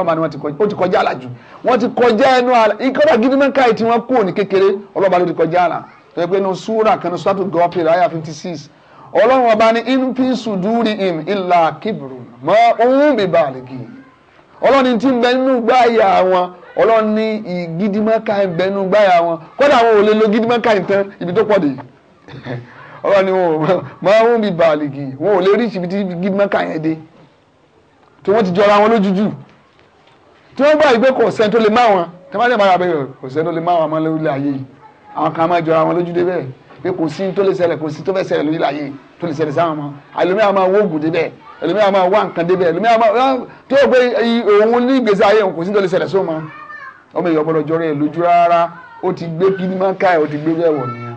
ọlọ́run ni wọ́n ti kọjá àlà jù wọ́n ti kọjá ẹnu àlà ìkọ́dà gidi mẹ́ka ẹ̀ wọ́n kú òní kékeré ọlọ́run ló ti kọjá àlà tó yẹ pé inú súrà kan ní sọ́tù gọ́ọ̀pì ráyà fifty six ọlọ́run ọba ní infi sùdúrì im ìlà kíbrù mọ́ ohun bìbà àlèkì ọlọ́run tí ń bẹ nínú gbáyà wọn ọlọ́run ní ìgídímọ́ká ń bẹ nínú gbáyà wọn kódà àwọn ò lè lo gídímọ́ká ìtàn ibi tó pọ̀ dé ọlọ́run ní wọn mọ́ ohun bìbà àlèkì wọn ò lè rí ibi tí gídímọ́ká yẹn dé tí wọ́n ti jọra wọn lójújù tí wọ́n gbà ìgbé kò sẹ́ni tó lè má wọn tí wọ́n bá dé pé kò sí tó lè ṣẹlẹ̀ kò sí tó fẹ́ ṣẹlẹ̀ lórí ilẹ̀ ayé tó lè ṣẹlẹ̀ sáwọn ọmọ ẹlòmíì á máa wó oògùn débẹ̀ ẹlòmíì á máa wá nǹkan débẹ̀ ẹlòmíì á máa tó o pé òun ní ìgbésí ayé òun kò sí tó lè ṣẹlẹ̀ sóun ọmọ èèyàn gbọ́dọ̀ jọrọ ẹ lójú rárá ó ti gbé kí ni máa ká ẹ ó ti gbé bẹ́ẹ̀ wọ̀ nìyẹn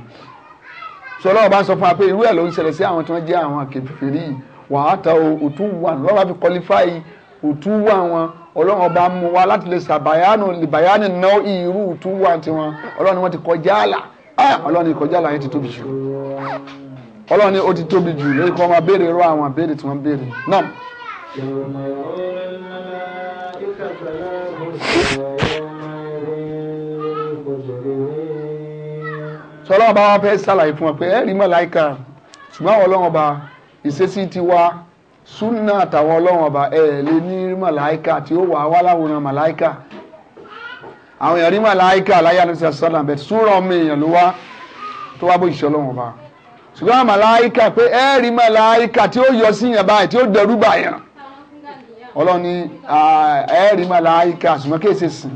sọlá ọba sọ fún wa pé irú ẹ̀ ló ń ṣẹlẹ̀ sí àwọn tí wọ́n jẹ́ àwọn kèfèrí wàá ta òtún wà lọ́wọ́ fi kọlifáì òtún wà wọn ọlọ́run ọba mú wa láti lè ṣàbàyánù lìbàyánù náà irú òtún wà tiwọn ọlọ́run ni wọ́n ti kọjá àlà Ah, ọlọ́ni kọjá láyé ti tóbi jù ọlọ́ni ó ti tóbi jù lórí kọ́ máa béèrè irú àwọn àbéèrè tí wọ́n béèrè náà. sọlá ọba wa fẹ́ ṣàlàyé fún wa pé ẹ̀rí màláíkà ṣùgbọ́n àwọn ọlọ́run ọba ìṣesí ti wá súnà àtàwọn ọlọ́run ọba ẹ̀ lè ní màláíkà tí ó wà wá láwòrán màláíkà àwọn èèyàn rí màláìkà láyé àdúgbò sọ́là bẹ̀ súnrọ̀ ọmọ èèyàn ló wá tó wá bó ìṣọ́ lọ́wọ́ bá ṣùgbọ́n àwọn màláìkà pé ẹ rí màláìkà tí ó yọ sí yàn báyìí tí ó dẹrú bà yàn ọlọ́ni ẹ rí màláìkà ṣùgbọ́n kí èsì sìn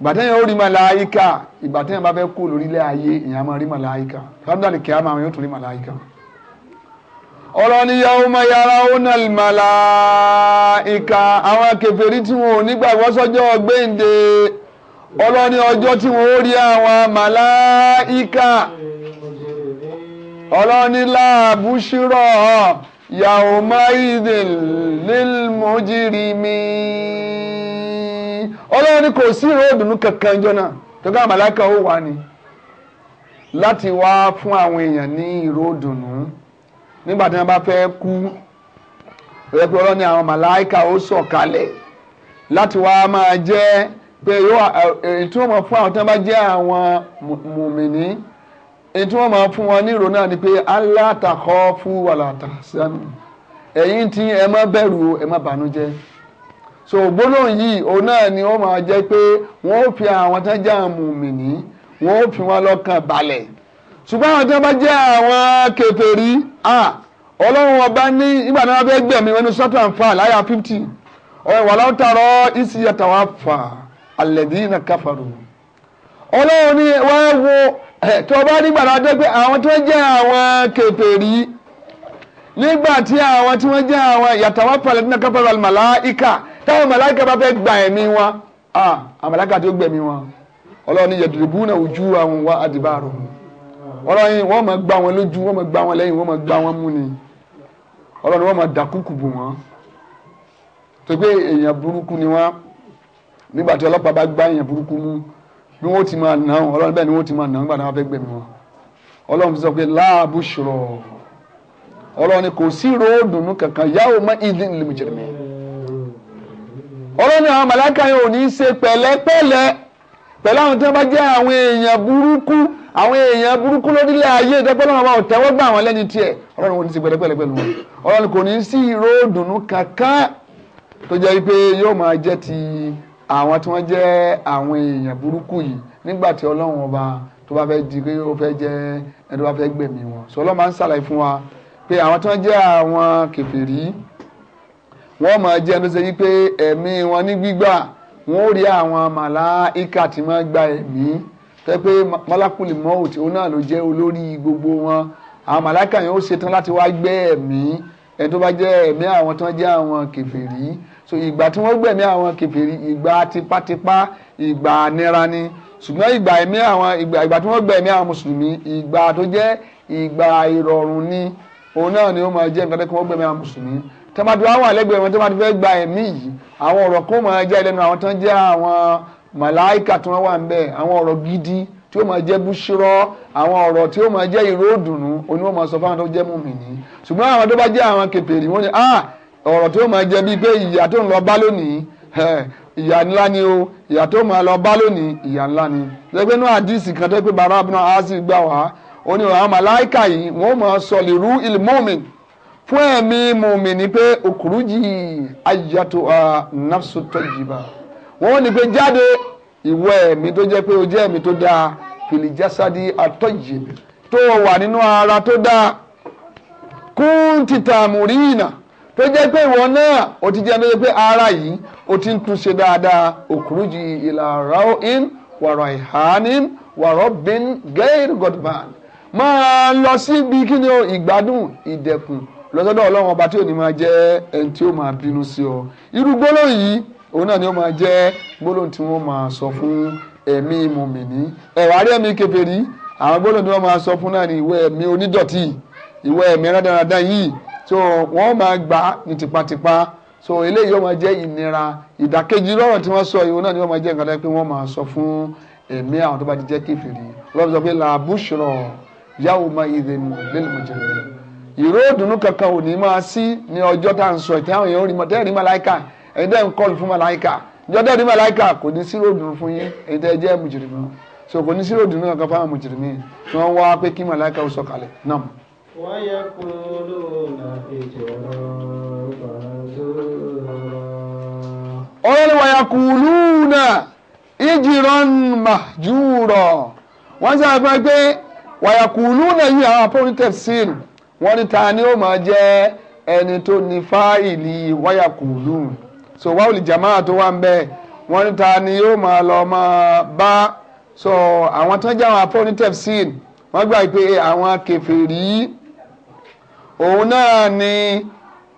ìgbàtẹ́yìn ó rí màláìkà ìgbàtẹ́yìn bá fẹ́ kú lórílẹ̀ ayé èèyàn máa rí màláìkà fáńdàlì kìá máa yóò tún rí màláìkà ọlọ́ni yawma yarawna al-malaika àwọn kèfèrí tí wọn ò nígbàgbọ́ sọ́jọ́ gbéǹde ọlọ́ni ọjọ́ tí wọ́n ó rí àwọn màláìka ọlọ́ni láàbù ṣírọ̀ yàwó máìdìn mi. ọlọ́ni kò sí ìròdùnú kankan ìjọ náà tó ká màláìka ó wà ní láti wá fún àwọn èèyàn ní ìròdùnú nígbà tí wọ́n bá fẹ́ kú ó yẹ pé ọlọ́ni àwọn màláìka ó sọ̀kalẹ̀ láti wá máa jẹ́ pé yóò ètò wọn fún àwọn tí wọn bá jẹ́ àwọn mùmìnì ètò wọn máa fún wọn ní ìrònú náà ni pé alátakọ́ fún wàlàtà sánú ẹ̀yin tí ẹ má bẹ̀rù ẹ má bànújẹ́ so gbólóhùn yìí òun náà ni ó máa jẹ́ pé wọ́n ó fi àwọn tí wọ́n jẹ́ àwọn mùmìnì wọ́n ó fi wọn lọ́kàn balẹ̀ ṣùgbọ́n àwọn tí wọ́n bá jẹ́ àwọn kèfèrí ọlọ́run ọba ní ìgbà náà wọ́n fẹ́ gbẹ̀mí wọn ní sọ́tàn fà láyà fifty ọ̀wẹ̀ wà láwùtàrọ̀ ìsì fà alẹ́dínà káfàrú ọlọ́run ní wá wo tí ọba nígbà tó dé pé àwọn tó jẹ́ àwọn kèfèrí nígbà tí àwọn tí wọ́n jẹ́ àwọn yàtàwá palẹ̀dínà káfàrú àlùmàláìkà táwọn màláìkà bá fẹ́ gba ẹ̀mí wọn àwọn màláìkà tó gbẹ̀mí wọn ọlọ́run ní yẹ̀dùrùbù náà ojú àwọn wá àdìbàrò ọlọ́run wọ́n máa gbá wọn lójú wọ́n máa gbá wọn lẹ́yìn wọ́n máa gbá wọn mú ni ọlọ́run wọ́n máa dàkúkù bù wọ́n tó pé èèyàn burúkú ni wọ́n nígbà tí ọlọ́pàá bá gbá èèyàn burúkú mú bí wọ́n ti máa nà án ọlọ́run bẹ́ẹ̀ ni wọ́n ti máa nà án nígbà tí wọ́n fẹ́ gbẹ̀mí wọn ọlọ́run ti sọ pé láàbù ṣòro ọlọ́run ni kò sí ròódùnú kankan ìdí ọlọ́run ni àwọn yẹn ò ní í ṣe pẹ̀lẹ́pẹ̀lẹ́ pẹ̀lú àwọn tí wọ́n àwọn èèyàn burúkú àwọn èèyàn àwọn tí wọ́n jẹ́ àwọn èèyàn burúkú yìí nígbà tí ọlọ́run ọba tó bá fẹ́ di pé ó fẹ́ jẹ́ ẹni tó bá fẹ́ gbẹ̀mí wọn sọ ọlọ́run máa ń ṣàlàyé fún wa pé àwọn tí wọ́n jẹ́ àwọn kèfèrí wọ́n máa jẹ́ ẹni tó ṣe yí pé ẹ̀mí wọn ní gbígbà wọ́n ó rí àwọn màláìka tí máa gba ẹ̀mí tó yẹ pé mọ́lákùlì mọ́ọ̀t òun náà ló jẹ́ olórí gbogbo wọn àwọn màláìka yẹn ó ṣetán láti wá gbé ẹ̀mí ẹni tó bá jẹ́ ẹ̀mí àwọn tó ń jẹ́ àwọn kèfèrí so ìgbà tí wọ́n gbẹ̀mí àwọn kèfèrí ìgbà tipátipá ìgbà nira ni ṣùgbọ́n ìgbà ẹ̀mí àwọn ìgbà ìgbà tí wọ́n gbẹ̀mí àwọn mùsùlùmí ìgbà tó jẹ́ ìgbà ìrọ̀rùn ni òun náà ni ó máa jẹ́ nǹkan tó kọ́ gbẹ̀mí àwọn mùsùlùmí tẹ́mátì wá wà lẹ́gbẹ̀ẹ́ wọn tẹ́mátì fẹ́ gba ẹ̀mí yìí àwọn ọ̀rọ̀ kó máa jẹ́ ẹlẹ́nu àwọn tán jẹ́ àwọn màláìkà tí wọ́n wà ń bẹ̀ àwọn ọ̀rọ̀ gidi tí ó máa jẹ́ búṣírọ́ àwọn ọ̀rọ̀ tí ó máa jẹ́ ìró òdùnnú oníwọ̀n máa sọ fáwọn tó jẹ́ mùmìnì ṣùgbọ́n àwọn tó bá jẹ́ àwọn kèfèrí wọ́n ní ah ọ̀rọ̀ tó máa jẹ bíi pé ìyá tó ń lọ bá lónìí ìyá ńlá ni o ìyá tó máa lọ bá lónìí ìyá ńlá ni. lẹ́gbẹ́ náà àdìsí kan tó pé bàbá abiná á sì gbà wá ó ní àwọn màláìkà yìí wọ́n máa sọ lè rú ìlú mọ́mìn fún ẹ̀mí mọ́mìn ni pé òkúrújì ayàtọ̀ nafsu tọ́jìbà wọ́n ní pé jáde ìwọ ẹ̀mí tó jẹ́ pé o jẹ́ ẹ̀mí tó dáa fìlìjásádì àtọ́jìbì tó wà nínú ara tó dáa kúntìtàmùrìnà tó jẹ́ pé ìwọ náà o ti jẹ́ ẹni tó jẹ́ pé ara yìí o ti ń tún ṣe dáadáa òkúrújì ìlàrá in wàrà ìhánìm wàrọ̀ bin gẹ́rì godman máa lọ síbi kí ni o ìgbádùn ìdẹ̀kùn lọ́sọ́dọ̀ ọlọ́run ọba tí ò ní máa jẹ́ ẹni tí ó máa bínú sí ọ irú gbólóhùn yìí òun náà ni ó máa jẹ́ gbólóhùn tí wọ́n máa sọ fún ẹ̀mí mùmìnì ẹ̀wà rí ẹ̀mí kèfèrí àwọn gbólóhùn tí wọ́n máa sọ fún náà ni ìwé ẹ̀mí onídọ̀tí ìwé ẹ̀mí rádaràda yìí so wọ́n máa gbà ní tipátipá so eléyìí yóò máa jẹ́ ìnira ìdàkejì lọ́rọ̀ tí wọ́n sọ yìí náà ni wọ́n máa jẹ́ nǹkan tó yẹ pé wọ́n máa sọ fún ẹ̀mí àwọn tó bá ti jẹ́ kèfèrí ọlọ́run sọ pé làbúṣọ̀rọ̀ yàwó máa ìdè lẹ́lẹ́mọ̀jẹ̀rẹ̀ ìró ìdùnnú kankan ò ní máa sí ní ọjọ́ tá à ń sọ ìtẹ́ àwọn èèyàn ò rí mọ́ tẹ́ẹ̀rí màláìkà ẹ̀yin tẹ́ẹ̀ ń kọ́lù fún màláìkà ìjọ tẹ́ẹ̀rí màláìkà kò ní sí ròdùn fún yín ẹ̀yin tẹ́ẹ̀ jẹ́ mùjìrìmí so kò ní sí ròdùn kankan fáwọn mùjìrìmí tí wọ́n wá pé kí màláìkà ó sọ kalẹ̀ náà. ويقولون هجرا منثورا ọ̀rọ̀ ويقولون هجرا مهجورا wọ́n sábà fẹ́ pé wàyàkùlù náà yí àwọn apọ́nítẹ̀ sílù wọ́n ní ta ni ó máa jẹ́ ẹni tó ní fáìlì wàyàkùlù so wáwùlì jamaa tó wà ń bẹ́ẹ̀ wọ́n ní ta ni ó máa lọ máa bá so àwọn tó ń jẹ́ àwọn apọ́nítẹ̀ sílù wọ́n gbà pé àwọn kèfèrí òun náà ni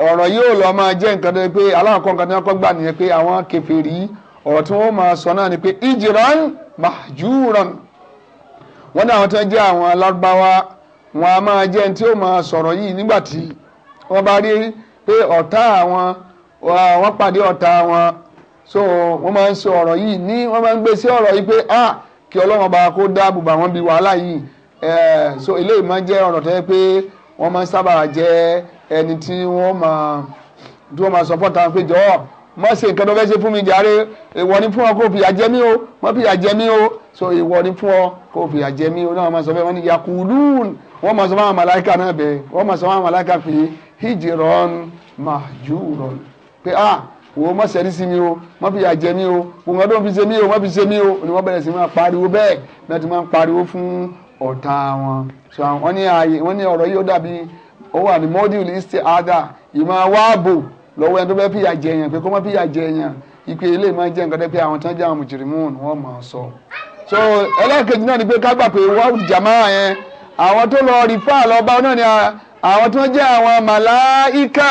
ọ̀rọ̀ yóò lọ máa jẹ́ nǹkan tó yẹ pé aláàkọ́ nǹkan tí wọ́n kọ́ gbà nìyẹn pé àwọn kèfèrí ọ̀rọ̀ tí wọ́n máa sọ náà ni pé ìjìrán màjúrán wọ́n ní àwọn tó jẹ́ àwọn alárúbáwá wọn a máa jẹ́ tí ó máa sọ̀rọ̀ yìí nígbà tí wọ́n bá rí pé ọ̀tá àwọn wọ́n pàdé ọ̀tá wọn so wọ́n máa ń sọ ọ̀rọ̀ yìí ní wọ́n máa ń gbé sí ọ̀rọ̀ yìí pé ah kí Ọlọ́run bá kó dáàbò bà wọ́n bí wàhálà yìí so eléyìí máa jẹ́ ọ̀rọ̀ tó yẹ pé wọ́n máa ń sábà jẹ́ ẹni tí wọ́n máa tí wọ́n máa support àwọn pé jọ̀ọ́ mọ̀ ṣe nǹkan tó fẹ́ ṣe fún mi jàre ìwọ ni fún ọ kó fìyà jẹ mí o mọ̀ fìyà jẹ mí o so ìwọ ni fún ọ kó fìyà jẹ mí o náà wọ́n máa sọ fẹ́ wọ́n ní yakulun wọ́n máa sọ fún àwọn màláìka náà bẹ́ẹ̀ wọ́n máa sọ fún àwọn màláìka pé hijron mahjuron pé ah wo mọ sẹni sí mi o mọ fi àjẹ mi o gbogbo ọdún fi ṣe mi o mọ fi ṣe mi o ni wọn bẹ̀rẹ̀ sí máa pariwo bẹ́ẹ̀ náà ti máa pariwo fún ọ̀tá wọn so wọ́n ní ààyè wọ́n ní ọ̀rọ̀ yìí ó dàbí ó wà ní mọ́díùlù ìsì àdá ìmọ̀ wáàbò lọ́wọ́ ẹni tó bẹ́ẹ̀ fìyà jẹ èèyàn pé kó má fìyà jẹ èèyàn ìpè ilé máa jẹ́ nǹkan tẹ́ pé àwọn tán jẹ́ àwọn mùjìrìmùn wọ́n máa sọ. so ẹlẹ́ẹ̀kejì náà ni pé ká gbà pé wáwù jàmá yẹn àwọn tó lọ rí fáà lọ bá náà ni àwọn tó jẹ́ àwọn màláìkà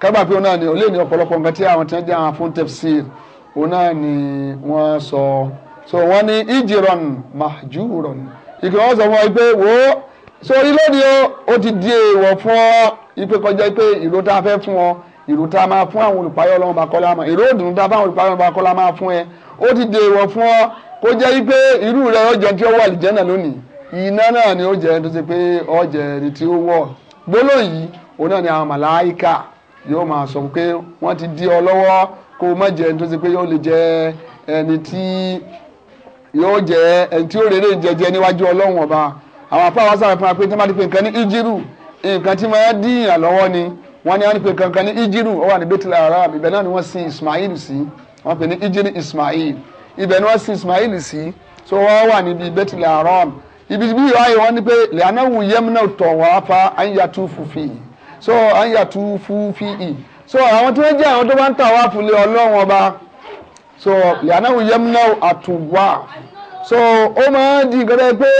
ká gbà pé náà ni olè ní ọ̀pọ̀lọpọ̀ nǹkan tí àwọn tán jẹ́ àwọn fún tafsir òun náà ni wọ́n sọ so wọ́n ní ìjìrọ̀n mahjúrọ̀n ìpè wọn sọ fún ọ pé wò ó sórí lónìí o ó ti di èèwọ̀ fún ọ ìpè kọjá pé ìró tá a fẹ́ fún ọ ìró tá a máa fún àwọn olùpayọ̀ ọlọ́run bá kọ́lá máa ìró ìdùnnú tá a fún àwọn olùpayọ̀ ọlọ́run bá kọ́lá máa fún ẹ ó ti di èèwọ̀ fún ọ kó jẹ́ pé irú rẹ ọjọ́ tí ó wà lìjẹ́nà lónìí iná náà ni ó jẹ́ tó ṣe pé ọjẹ́ ẹni tí ó wọ̀ gbólóhùn yìí òun náà ni àwọn màláìkà yóò máa sọ pé wọ́n ti di ọ lọ́wọ́ kó má jẹ́ ẹni tó ṣe pé yóò lè jẹ́ ẹni tí yóò jẹ ẹni tí ó rere jẹjẹ níwájú ọlọ́run ọba àwọn apá wa sàrẹ̀ fún wa pé tí wọ́n bá ti pè nǹkan ní ijiru, nǹkan tí wọ́n dín ìyàn lọ́wọ́ ni wọ́n ní wọ́n pè kankan ní ìjírù ó wà ní bẹ́tìlá arab ibẹ̀ náà ni wọ́n sin Ismail sí wọ́n pè ní ìjírù Ismail ibẹ̀ ni wọ́n sin Ismail sí so wọ́n wà níbi bẹ́tìlá arab ibi bí wáyé wọ́n ní pé lẹ́anáwó yẹ́múnà tọ̀ wá fa àyàtú fúfi so àyàtú fufi, so àwọn tí wọ́n jẹ́ àwọn tó bá ń tà wá fúlẹ̀ ọlọ́run ọba so lẹ́yìn àwọn yẹmúná àtúwà so ó máa ń di gẹ́gẹ́ pé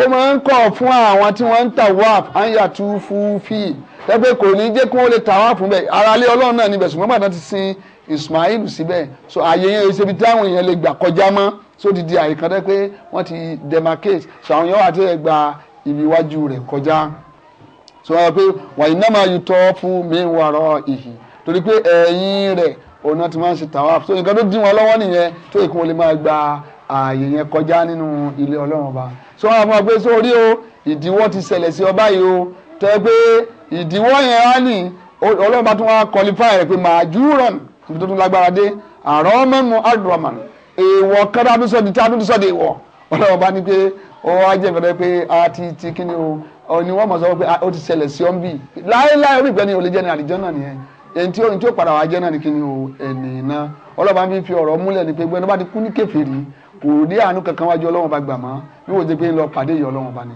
ó máa ń kọ̀ fún àwọn tí wọ́n ń tà wáf àyàtú fúfì tẹ́pẹ́ kò ní jẹ́ kí wọ́n lè tà wáf fún bẹ́ẹ̀ aráalé ọlọ́run náà níbẹ̀ ṣùgbọ́n bàtà ti sin Ismail síbẹ̀ so àyè yẹn ṣe ibi táwọn èèyàn lè gbà kọjá mọ́ so ti di àyè kan tẹ́ pé wọ́n ti demarcate so àwọn èèyàn wà tí ẹ gba ibi iwájú rẹ̀ kọjá so wọ́n yà pé wàyí náà máa yutọ́ fún mi wàrọ̀ ìhì òun náà ti máa ń ṣe tàwa so nǹkan tó dín wọn lọ́wọ́ nìyẹn tó ìkún wọn máa gba ààyè yẹn kọjá nínú ilé ọlọ́run ọba so àwọn àgbẹ̀ sórí o ìdíwọ́ ti ṣẹlẹ̀ sí ọba yìí o tẹ́ pé ìdíwọ́ yẹn á nì ọlọ́run bá tún wá qualify rẹ̀ pé màá júrọ̀ níbi tó tún lágbára dé àrọ́ mẹ́mu adùnmọ̀n èèwọ̀ kẹ́rẹ́ àdúnsọ̀dì tí àdúnsọ̀dì èèwọ̀ ọlọ́run bá ní pé ó wá jẹ́ ìfẹ́ pé a ti ti kí ni o ni wọ́n mọ̀ sọ pé ó ti ṣẹlẹ̀ sí ọ́n bì láéláé orí ìgbẹ́ni olè jẹ́ ní àlìjọ́ náà nìyẹn ẹni tí tí ó padà wá náà ni o ẹni iná ọlọ́ba ń fi ọ̀rọ̀ múlẹ̀ ni pé gbẹ́ni bá ti kú ní kèfèrí kò rí àánú kankan wájú pàdé ọlọ́wọ́n bá ni.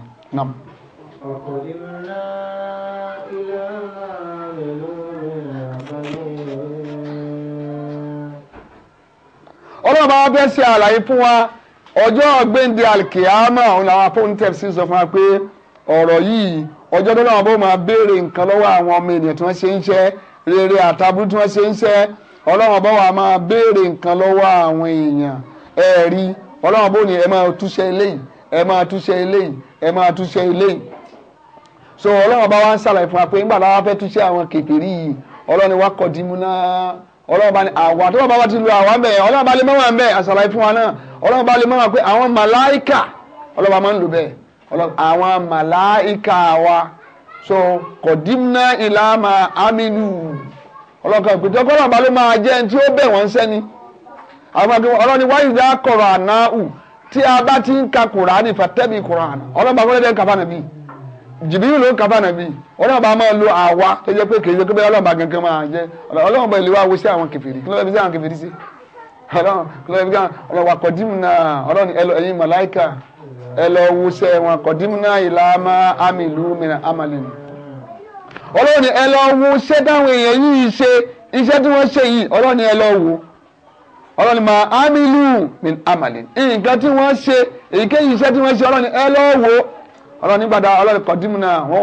وقدمنا إلى bẹ́ẹ̀ ṣe àlàyé fún wa ọjọ́ gbẹ̀ndé alkiyama òun làwọn apóńtẹ́f sí sọ fún wa pé ọ̀rọ̀ rere atabu tí wọ́n ṣe ń ṣẹ́ ọlọ́run ọba wa máa béèrè nǹkan lọ́wọ́ àwọn èèyàn ẹ̀rí ọlọ́run ọba ò ẹ máa túṣe eléyìí ẹ máa túṣe so ọlọ́run ọba wa ń ṣàlàyé fún wa pé nígbà táwa fẹ́ túṣe àwọn kèfèrí yìí ọlọ́run wa kọ̀ dìímú náà ọlọ́run bá bá ti lu àwa ń ọlọ́run wa so kọ̀dímná ìlàmà amínú ọlọ́kan ìpètè ọkọ̀rọ̀ àbálẹ́ máa jẹ́ tí ó bẹ̀ wọn sẹ́ni àwọn akẹ́kọ̀ọ́ wáyé ìdá kọrọ àná ù tí a bá ti ń ka kùránì fàtẹ́bì kùránì ọlọ́ba akọ́lẹ́dẹ́ ń kàfà nàbí jìbìrì ló nàbí máa lo àwa tó pé pé máa ìlú wa wo sí àwọn kẹfìrí kí ló fẹ́ fi sí àwọn kẹfìrí sí ẹ lọ wusẹ́ wọn kọ̀dímúná amìlú mìíràn amàlìmù ọlọ́run ẹ lọ wusẹ́ táwọn èèyàn yìí ṣe iṣẹ́ tí wọ́n ṣe yìí ọlọ́run ẹ lọ wò amìlú nǹkan tí wọ́n ṣe èyíkéyìí iṣẹ́ tí wọ́n ṣe wọ́n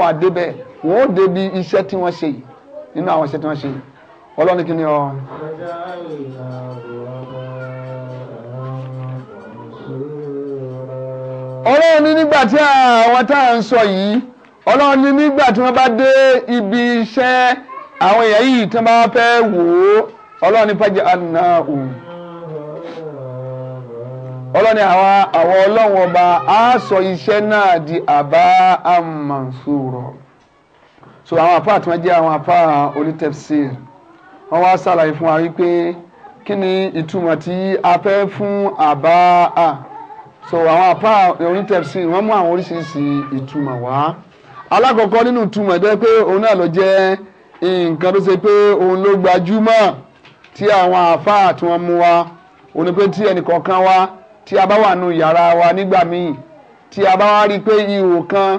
wà débẹ̀ wọ́n bi iṣẹ́ tí wọ́n ṣe yìí nínú àwọn iṣẹ́ tí wọ́n ṣe ọlọ́run ní nígbà tí àwọn tá à ń sọ yìí ọlọ́run ní nígbà tí wọ́n bá dé ibi iṣẹ́ àwọn èèyàn yìí tí wọ́n bá fẹ́ wò ó ọlọ́run ní pàjẹ́ àná òun ọlọ́run ní àwọn àwọn ọlọ́run ọba á sọ iṣẹ́ náà di àbá àmàṣúrọ̀ so àwọn àpá àti wọn jẹ́ àwọn àpá onítẹ̀fsíìr wọ́n wá ṣàlàyé fún wa wípé kí ni ìtumọ̀ tí a fẹ́ fún àbá àmàṣúrọ̀ so àwọn apá onítẹ̀sí wọ́n mú àwọn oríṣiríṣi ìtumọ̀ wá alákọ̀ọ́kọ́ nínú ìtumọ̀ jẹ́ pé òun náà ló jẹ́ nǹkan tó ṣe pé òun ló gbajúmọ̀ tí àwọn apá tí wọ́n mú wá òun ni pé tí ẹnìkọ̀ọ̀kan wá tí a bá wà nù yàrá wa nígbà míì tí a bá wá rí i pé ihò kan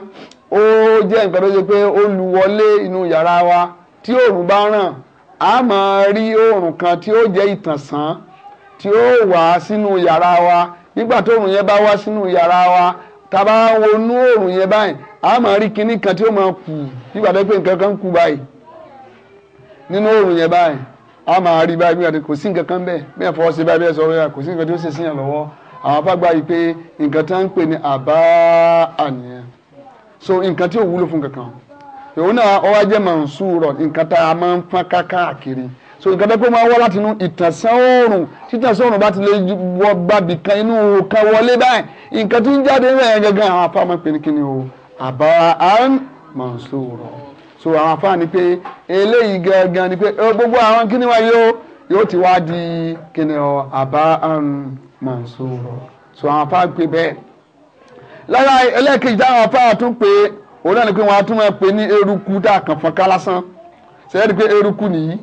ó jẹ́ nǹkan tó ṣe pé ó lu wọlé inú yàrá wa tí òòrùn bá ràn á máa rí òòrùn kan tí ó jẹ́ ìtànsán tí ó wà sínú yàrá wa nígbà tó òrùn yẹn bá wá wa ta a bá wọnú òrùn yẹn báyìí a máa rí kinní kan tí ó máa kù nígbà tó pé nǹkan kan kù báyìí nínú òrùn yẹn báyìí a máa rí báyìí nígbà tó kò sí nǹkan kan bẹ́ẹ̀ bẹ́ẹ̀ fọwọ́ sí báyìí bẹ́ẹ̀ so nǹkan tí ò wúlò fún kankan òun náà ọwọ́ ajẹ́ màá a máa ń káàkiri so nǹkan tẹ́kọ̀ máa wá láti inú ìtànsán oòrùn títànsán oòrùn bá ti lè wọ gbàbì kan inú kan wọlé báyìí nǹkan tí ń jáde rẹ̀ gangan àwọn afá máa ní kíni o àbá àn mọ̀nsóòrọ̀ so àwọn afá ni pé eléyìí gangan ni pé gbogbo àwọn kíni wa yóò yóò ti wá di kíni o àbá àn mọ̀nsóòrọ̀ so àwọn afá pè bẹ́ẹ̀ lára ẹlẹ́ẹ̀kejì táwọn afá tún pé òun náà ni pé wọ́n á tún máa pè ní eruku tá a kàn fọ́nká lásán ṣe é pé eruku nìyí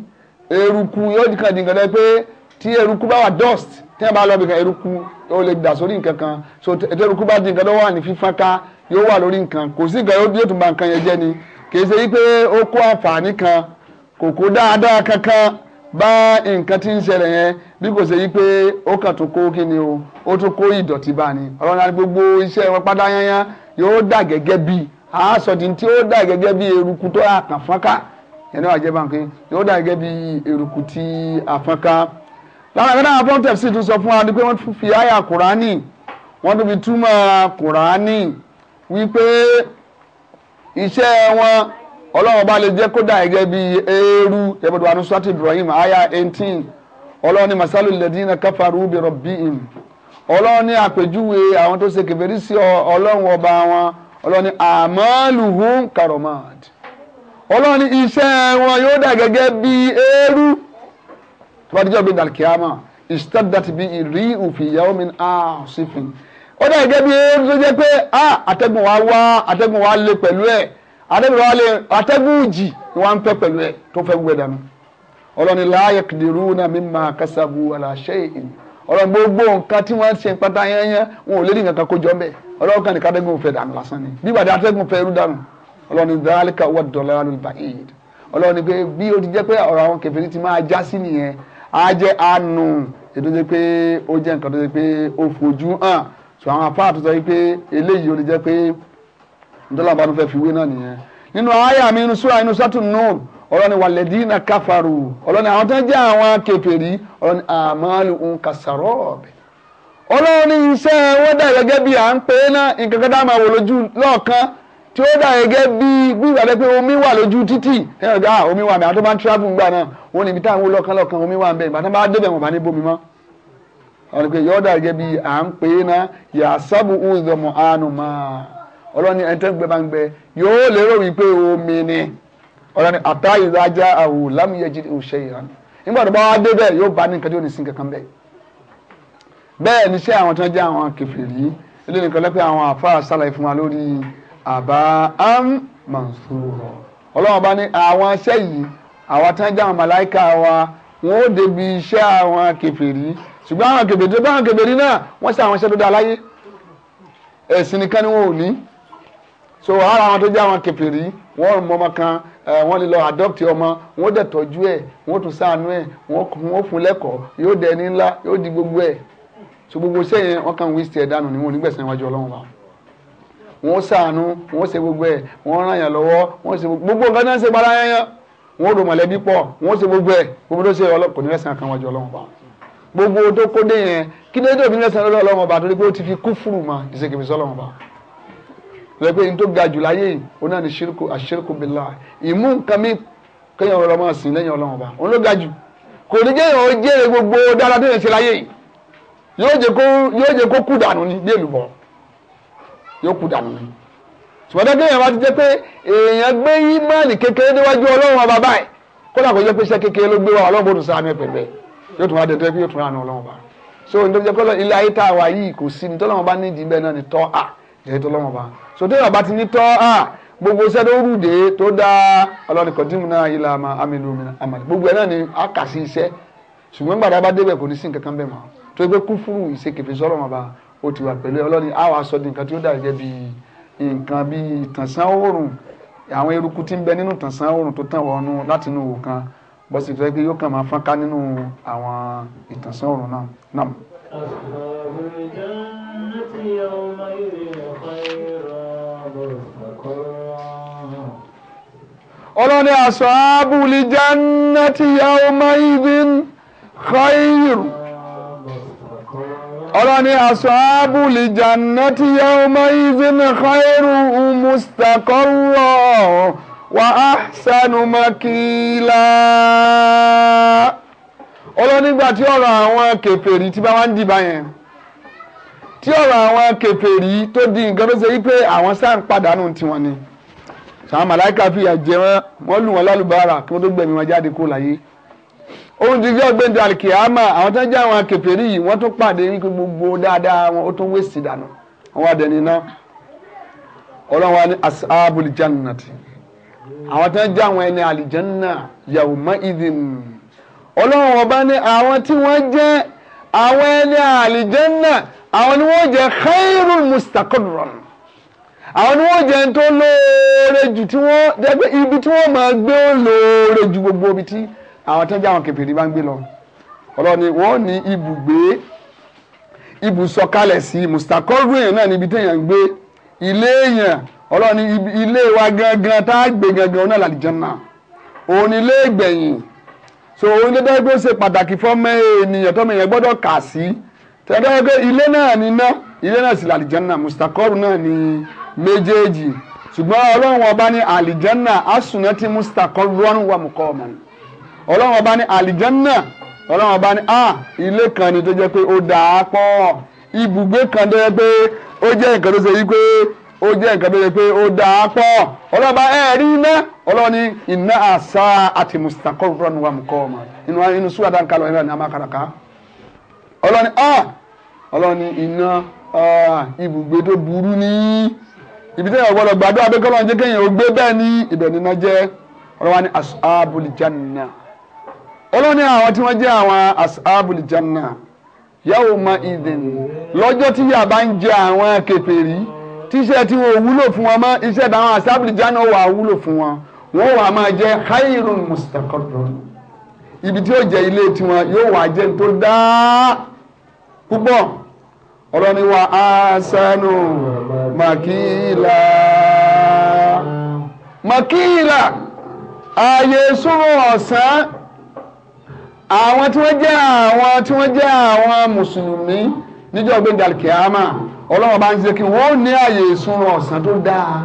eruku yóò di kan di nǹkan tẹ́ pé tí eruku bá wà dust tẹ́ ẹ bá lọ bí kan eruku ó lè dà sórí nǹkan kan so tí eruku bá di nǹkan tó wà ní fífọ́n ká yóò wà lórí nǹkan kò sí nǹkan yóò tún ba nǹkan yẹn jẹ́ ni kì í ṣe wípé ó kó àǹfààní kan kò kó dáadáa kankan bá nǹkan tí ń ṣẹlẹ̀ yẹn bí kò ṣe wípé ó kàn tó kó kí ni o ó tó kó ìdọ̀tí bá ni ọlọ́run àti gbogbo iṣẹ́ wọn pátá yányán yóò dà gẹ́gẹ́ bíi àásọ̀dì tí ó dà gẹ́gẹ́ bíi eruku tó àkànfọ́n ẹni wàá jẹ́ báńkì yóò dà gẹ́gẹ́ bí eruku tí afọ́nká lára ẹ̀ka náà fọ́n tẹ̀sí tún sọ fún wa ni pé wọ́n fi àyà kùránì wọ́n tún fi túmọ̀ kùránì wípé iṣẹ́ wọn ọlọ́run bá lè jẹ́ kó dà gẹ́gẹ́ bí eérú ẹ̀bọ̀dọ̀ anuswati Ibrahim àyà eighteen ọlọ́run ni masalu lẹ́dínà káfàrú bi rabbihim ọlọ́run ní àpèjúwe àwọn tó ṣe kèfèrí sí ọlọ́run ọba wọn ọlọ́run ni àmọ́lùhún karomad ọlọ́run ní iṣẹ́ wọn yóò dà gẹ́gẹ́ bí eérú tó bá dijọ́ gbẹ̀dà kíámà a bí ìrí òfìyà omi àṣìfìn ó dà gẹ́gẹ́ bí eérú tó jẹ́ pé àtẹ́gùn wa wá àtẹ́gùn wa lé pẹ̀lú ẹ̀ àtẹ́gùn wa lé àtẹ́gùn jì ni wọ́n ń fẹ́ pẹ̀lú ẹ̀ tó fẹ́ gbẹ dànù ọlọ́run ní láàyè kìdìrú náà mi máa kásábù àlàṣẹ ìlú ọlọ́run gbogbo nǹkan tí wọ́n ṣe pátá yẹn wọn ò lé ní nǹkan kó jọ ń ọlọ́run kan ní kátẹ́gùn fẹ́ dànù lásán ni bí ìgbà atẹ́gùn fẹ́ rú dànù ọlọ́run ní dhalika ọlọ́run pé bí o ti jẹ́ pé ọ̀rọ̀ àwọn ti máa já sí nìyẹn á jẹ́ àánú ètò pé ó jẹ́ nǹkan tó jẹ́ pé ó fojú hàn tó àwọn apá àtúntò yìí pé eléyìí ó lè jẹ́ pé ntọ́lá bá fẹ́ fi wé náà nìyẹn nínú àyà mi inú súra inú àwọn tó ń jẹ́ àwọn iṣẹ́ tí ó dà gẹ́gẹ́ bí gbígbà pé omi wà lójú títì ẹ̀rọ gbà omi wà mẹ́ àwọn tó bá ń travel gbà náà wọ́n níbi táwọn wó lọ́kàn lọ́kàn omi wà ń bẹ̀ ìgbà tó bá débẹ̀ wọ́n bá ní bómi mọ́. ọ̀rọ̀ pé yọ̀ọ́ dà gẹ́gẹ́ bí à ń pè é ná yà sábù ùzọ̀mọ̀ àánú mọ́ ọlọ́ni ẹni tó ń gbẹ bá ń gbẹ yóò lérò wípé omi ni ọlọ́ni àtá ìdájá àwò lámìyẹjì òṣè ìhàn nígbà tó bá wá àbá am mansuro ọlọ́run bá ní àwọn iṣẹ́ yìí àwọn tí wọ́n jẹ́ àwọn màláìka wa wọ́n ó débi iṣẹ́ àwọn kèfèrí ṣùgbọ́n àwọn kèfèrí tó bá àwọn kèfèrí náà wọ́n ṣe àwọn iṣẹ́ tó dáa láyé ẹ̀sìn nìkan ni wọn ò ní so ara àwọn tó jẹ́ àwọn kèfèrí wọ́n mọ ọmọ kan wọ́n lè lọ adopt ọmọ wọ́n dẹ̀ tọ́jú ẹ̀ wọ́n tún ṣàánú ẹ̀ wọ́n fún lẹ́kọ̀ọ́ yóò dẹ̀ ní ńlá yóò di gbogbo ẹ̀ so gbogbo iṣẹ́ yẹn wọ́n kàn wí sí ẹ̀ dànù ni wọn ò ọlọ́run báwọn wọ́n ṣàánú wọ́n ṣe gbogbo ẹ̀ wọ́n ràn yàn lọ́wọ́ wọ́n ṣe gbogbo nǹkan náà ṣe para yẹn yẹn wọ́n rò mọ̀lẹ́bí pọ̀ wọ́n ṣe gbogbo ẹ̀ gbogbo tó ṣe kò ní lẹ́sìn kan wájú ọlọ́run bá gbogbo tó kó dé yẹn kí ló dé òbí lẹ́sìn lọ́dọ̀ ọlọ́run bá torí pé ó ti fi kú fúrù mà ìṣèkèbí sọ́lọ́run bá lọ pé ní ga jù láyé yìí náà ní ṣírkù àṣírkù bìlá ìmú nǹkan mi kéèyàn ọ̀rọ̀ máa sìn lẹ́yìn ọlọ́run ọba òun ló ga jù kò ní kéèyàn ó jèrè gbogbo dára tó yẹn ṣe láyé yóò jẹ kó kú dànù ní bí èlùbọ́ yóò kú dànù ni ṣùgbọ́n dẹ́gbẹ́ yẹn wá ti jẹ́ pé èèyàn gbé ímánì kékeré níwájú ọlọ́run ọba báyìí kódà kó jẹ́ pé iṣẹ́ kékeré ló gbé wa ọlọ́run bòdù sáà mi pẹ̀lú ẹ̀ yóò tún wá dẹ́tẹ́ bí yóò tún ránà ọlọ́run ọba so ní tó jẹ́ pé ilé ayé tá a wà yìí kò sí ní tọ́lọ́run ọba ní ìdí bẹ́ẹ̀ náà ni tọ́ à jẹ́ tọ́lọ́run ọba so tẹ́lẹ̀ ọba ti ní tọ́ à gbogbo iṣẹ́ tó rúde tó dáa ọlọ́run kọ́tìmù náà ilà náà ni a kà sí iṣẹ́ ṣùgbọ́n gbàdá bá débẹ̀ kò ní sí nǹkan kan bẹ́ẹ̀ mọ́ ó ti wà pẹ̀lú ọlọ́ni á wàá sọ di nǹkan tí ó dàgẹ́ bí nǹkan bí ìtànsán oòrùn àwọn eruku tí ń bẹ nínú ìtànsán oòrùn tó tàn wọnú láti inú òwò kan bó sì fẹ́ pé yóò kàn máa fọ́nká nínú àwọn ìtànsán oòrùn náà. Nam. ọlọ́ni ashabul jannati yawma idhin khayr ọlọ́ni asọ́ábùlì jannati yawma izin khairu mustaqarra wa ahsanu makila. ọlọ́nígbà tí ọ̀rọ̀ àwọn kèfèrí tí bá wá ń dìbà yẹn tí ọ̀rọ̀ àwọn kèfèrí tó di nǹkan tó ṣe wípé àwọn sáà ń pàdánù tiwọn ni sàwọn fìyà jẹ wọn lù wọn lálùbárà kí wọn tó gbẹ̀mí wọn jáde kó láyé ohun ti jẹ́ ọgbẹ́ni alikiyama àwọn tó ń jẹ́ àwọn akèfèrí yìí wọ́n tún pàdé nípa gbogbo dáadáa wọn ó tún wéṣì dànù wọn wá dẹni iná ọlọ́run ní asábùlì jannati àwọn tó ń jẹ́ àwọn ẹni àlìjánná yawma idhin ọlọ́run ọba ní àwọn tí wọ́n jẹ́ àwọn ẹni àlìjánná àwọn ni wọ́n jẹ́ khairul mustaqarran àwọn ni wọ́n jẹ́ tó lóore jù tí wọ́n ibi tí wọ́n máa gbé lóore jù gbogbo ibi tí wọ́n àwọn tẹ́jà àwọn kèfèrí bá ń gbé lọ ọlọ́run ni wọ́n ní ibùgbé ibùsọ̀kalẹ̀ sí mùsàkọ́rù èèyàn náà níbi téèyàn ń gbé ilé èèyàn ọlọ́run ni ilé wa gangan tá a gbé gangan náà òun ilé ìgbẹ̀yìn so òun ló dẹ́gbẹ́ ṣe pàtàkì fọ́mọ ènìyàn tọ́mọ èèyàn gbọ́dọ̀ kà sí tẹ́lẹ̀ pé ilé náà ni ná ilé náà sì làlìjánná mùsàkọ́rù náà ni méjèèjì ṣùgbọ́n ọlọ́run ọba ní àlìjánná asùnà tí mùsàkọ́rù rọ́rùn wà mú kọ́ ọmọ ni. ọlọ́run ọba ní àlìjẹ́nà ọlọ́run ọba ní a ah, ilé kan ni tó jẹ́ pé ó dáa pọ̀ ibùgbé kan tó jẹ́ pé ó jẹ́ nǹkan tó ṣe yí pé ó jẹ́ nǹkan tó jẹ́ pé ó dáa pọ̀ ọlọ́run ọba ẹ̀ eh, rí ọlọ́run ní iná ah, ibùgbé tó burú ní ibi tẹ́yìn ọ̀gbọ́dọ̀ gbàdúrà kọ́lọ́run jẹ́ kéèyàn ó gbé bẹ́ẹ̀ ní ibẹ̀ níná jẹ́ ọlọ́run ọlọ́ni àwọn tí wọ́n jẹ́ àwọn ashabul janna yawma idhin lọ́jọ́ tí yà bá ń jẹ àwọn kèfèrí tíṣẹ́ tí wọ́n wúlò fún wọn mọ́ iṣẹ́ táwọn ashabul janna wà wúlò fún wọn wọ́n wà máa jẹ́ khayrun mustaqarrun ibi tí ó jẹ́ ilé tiwọn yóò wà jẹ́ tó dáa púpọ̀ ọlọ́ni wa asanu makila makila ààyè sùnwọ̀n ọ̀sán àwọn tí wọ́n jẹ́ àwọn tí wọ́n jẹ́ àwọn mùsùlùmí níjọ́ gbẹ̀ngà alkiyama ọlọ́run bá ń ṣe kí wọ́n ní àyè ìsunrun ọ̀sán tó dáa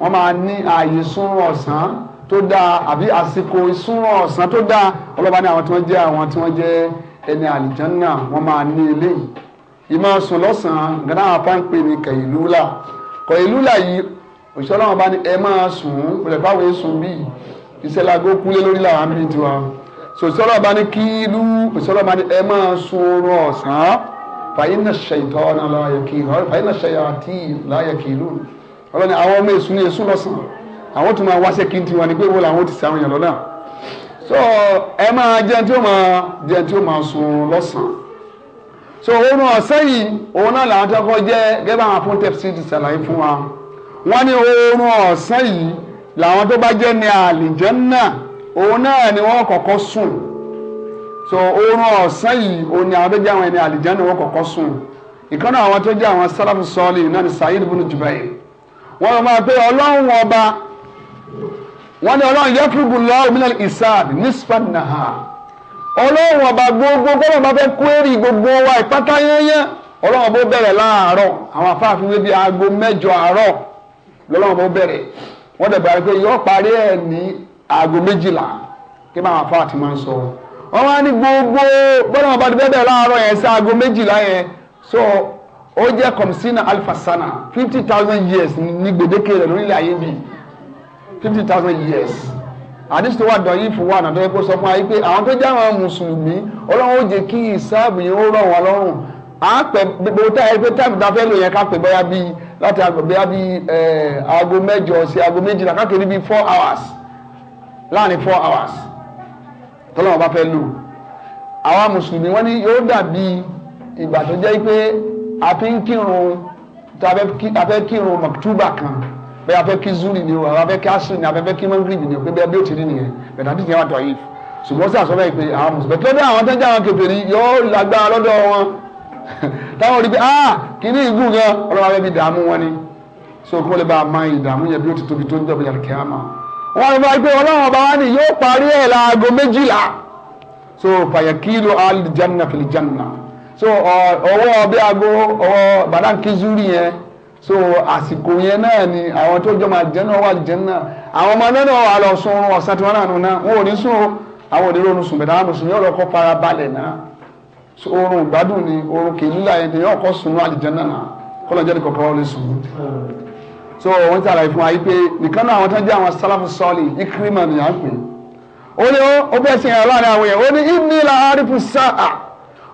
wọ́n máa ní àyè ìsunrun ọ̀sán tó dáa àbí àsìkò ìsunrun ọ̀sán tó dáa ọlọ́run bá ní àwọn tí wọ́n jẹ́ àwọn tí wọ́n jẹ́ ẹni àlìjánná wọ́n máa ní ilé yìí ìmọ̀ sùn lọ́sàn-án gánà àpá ń pè ní kẹ̀yìlúlà kẹ̀yìlúlà yìí òṣìṣẹ́ ọlọ́run bá ní ẹ máa sùn ó sùn bíi ìṣẹ́lágó kúlé lórí làwọn àmì tiwa sòsọ́lọ́ bá ní kí ìlú sòsọ́lọ́ bá ní ẹ máa sunrun ọ̀sán fàyín náà ṣèyítọ́ náà láàyè kí ìlú fàyín náà ṣèyà àti láàyè kí ìlú ọlọ́ni àwọn ọmọ èsùn ní èsùn lọ́sàn àwọn tó máa wáṣẹ́ kí n ni pé wọ́n làwọn ti sàwọn èèyàn lọ́nà so ẹ máa jẹ tí ó máa jẹ tí ó máa sunrun lọ́sàn so oorun ọ̀sán yìí òun náà làwọn tó kọ́ jẹ́ gẹ́gẹ́ bá àwọn fún tẹ̀sí ti ṣàlàyé fún wa wọ́n ní oorun ọ̀sán yìí làwọn tó bá jẹ́ ní àlìjẹ́ náà òun náà ni wọ́n kọkọ sùn so oorun ọ̀sán yìí òun ni àwọn tó àwọn ẹni àlìjáná wọ́n kọkọ sùn ìkànnì àwọn tó jẹ́ àwọn sálàfù sọ́ọ̀lì náà ni sayid lọ máa pe ọba wọ́n ní ọlọ́run yẹ́kùrùbù lọ́wọ́ minal isad gbogbo gbogbo wa ìpátá aago méjìlá kí bá àwọn afáàtì sọ wọn wá ní gbogbo bá so ó jẹ́ kọ̀mísínà alifasana fifty thousand years ní gbèdéke rẹ̀ lórílẹ̀ ayé years wà dọ̀yìn sọ fún wa yìí pé àwọn tó jẹ́ àwọn mùsùlùmí ọlọ́run ó jẹ́ kí ìsáàbù yẹn ó rọ̀ lọ́rùn à ń pè gbogbo táyà pé tá a fẹ́ lò yẹn ká pè bíi láàrin four hours tọ́lọ́wọ́n bá fẹ́ lò àwa mùsùlùmí wọ́n ní yóò dàbí ìgbà tó jẹ́ pé a fi ń kírun tá a fẹ́ kírun maktuba kan bẹ́ẹ̀ a fẹ́ kí zuri ni o a fẹ́ kí asiri ni a fẹ́ kí mangrib ni o pé bẹ́ẹ̀ bí o ti rí nìyẹn bẹ́ẹ̀ náà ti tiẹ̀ wá tọ̀ ṣùgbọ́n sí àsọ́bẹ̀ pé àwọn mùsùlùmí tó dé àwọn tó ń jẹ́ àwọn kèfèrí yóò lágbára lọ́dọ̀ wọn táwọn rí pé ah kìíní ìgùn gan ọlọ́wọ́ abẹ́ bí dààmú wọn ni so kí wọ́n lè bá a máa ìdààmú yẹn bí wọ́n ní wọ́n gbé ọlọ́run ọba wa ni yóò parí ẹ̀ láago méjìlá so fàyàkìlù alìjánná fìlìjánná so ọwọ́ bí aago ọwọ́ bàdánkìzúrì yẹn so àsìkò yẹn náà ni àwọn tó jọ máa jẹun náà wà jẹun náà àwọn ọmọ náà náà wà lọ sùn oorun ọ̀sán tí wọ́n náà nù náà wọn ò ní sùn o àwọn òní ronú sùn bẹ̀rẹ̀ àwọn mùsùlùmí ọ̀rọ̀ kọ́ fara balẹ̀ náà so oorun ìgbádùn ni oorun kìlú láyé ni yóò kọ́ sùn ní àlìjánná náà kọ́lọ́jẹ́ ni kọ̀ọ̀kan wọn lè sùn so wọ́n ti àlàyé fún wa yìí pé nìkan náà àwọn tó ń jẹ́ àwọn sálàfù sọ́ọ̀lì ìkírímà ni à ń pè ó ní ó bẹ́ẹ̀ sìn ẹ̀rọ láàrin àwọn yẹn ó ní ìnira àrífù sáà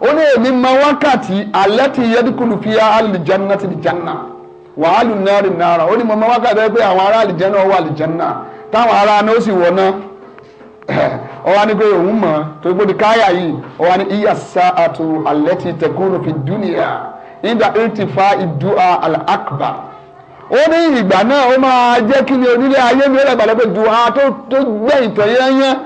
ó ní èmi mọ wákàtí alẹ́ ti yẹ́dúkùlù fi alìjánná ti jánná wàhálù náírà náírà ó ní mọ wákàtí pé àwọn ará alìjánná wà alìjánná táwọn ará ni ó sì wọ̀ náà ọwọ́ ni pé òun mọ̀ tó gbódì káyà yìí ọwọ́ ni iya sáà tó alẹ́ ti tẹ̀kúrò fi dúnìyà ìdá ìrìtìfà ìdúà al-akbar ó ní ìgbà náà ó máa jẹ́ kí ni onílé ayé mi ó lè ju ha tó gbẹ̀yìn tán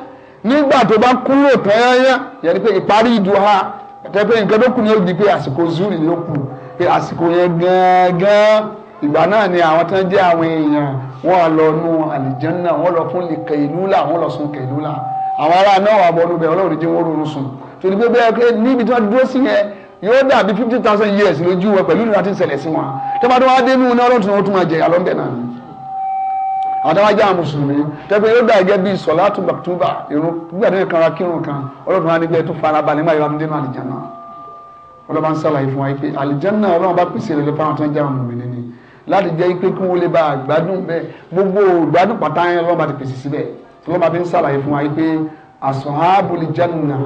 nígbà tó bá kúrò tán yányán ni pé ìparí ju ha tẹ́ pé nǹkan tó kù ni ó di pé àsìkò zuri ló kù pé àsìkò yẹn gángan ìgbà náà ni àwọn tán jẹ́ àwọn èèyàn wọ́n lọ nu àlìjánná wọ́n lọ fún kẹ̀lúlà wọ́n lọ sun kẹ̀lúlà àwọn ará náà wà bọ́ọ̀lù bẹ́ẹ̀ ọlọ́run yóò dàbí fifty thousand years lójú wọn pẹ̀lú ìlú àti ìṣẹ̀lẹ̀ sí wọn tó bá tó wá dé nínú ní ọlọ́run tí wọ́n tún máa jẹ ìyàlọ́ ńbẹ̀ náà ni àtàwájú àwọn mùsùlùmí tẹ́pẹ́ yóò dà gẹ́gẹ́ bíi sọ̀látù bàtúbà irun gbàdé kan ra kírun kan ọlọ́run wa nígbà tó fara balẹ̀ nígbà yóò dé nínú àlìjáná ọlọ́run bá ń sàlàyé fún wa pé àlìjáná ọlọ́run bá pèsè rẹ̀ fáwọn tó ń jẹ́ àwọn mùmìnì ni láti jẹ́ pé kí wọ́n lè bá àgbádùn bẹ́ẹ̀ gbogbo ìgbádùn pátá yẹn ọlọ́run bá ti pèsè síbẹ̀ ọlọ́run bá fi ń sàlàyé fún wa pé àsọ̀hábùlì jánnà.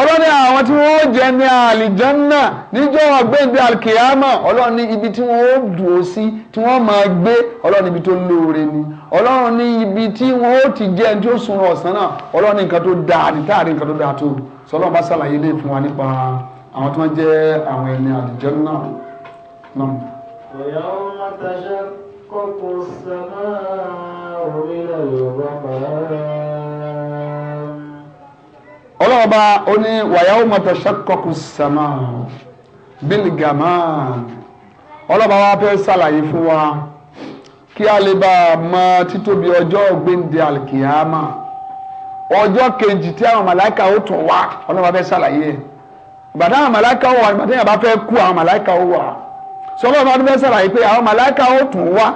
ọlọ́ni àwọn tí wọ́n jẹ ní àlìjánná níjọ́ ọ̀gbẹ́ǹde alkiyama ọlọ́ni ibi tí wọ́n dùn sí tí wọ́n máa gbé ọlọ́ni ibi tó lóore ni ọlọ́run ibi tí wọ́n ti jẹ́ tí ó ọ̀sán náà ọlọ́ni nǹkan tó táàrí nǹkan tó tó sọlọ́n bá ṣàlàyé lè fún wa nípa àwọn tí wọ́n jẹ́ àwọn ẹni àlìjánná náà. تنشقق السماء من الغمام ọlọ́ọ̀ba ó ní wàyáwó mọ̀tọ́ ṣàkókò sàmà bíl gàmán ọlọ́ọ̀ba wa fẹ́ ṣàlàyé fún wa kí a lè bá a mọ títóbi ọjọ́ gbéǹde alkiyama ọjọ́ kejì tí àwọn màláìka ó tún wá ọlọ́ọ̀ba fẹ́ ṣàlàyé ìbàdàn àwọn màláìka ó wà ìbàdàn yàrá fẹ́ kú àwọn màláìka ó wà sọlọ́ọ̀ba fẹ́ ṣàlàyé pé àwọn màláìka ó tún wá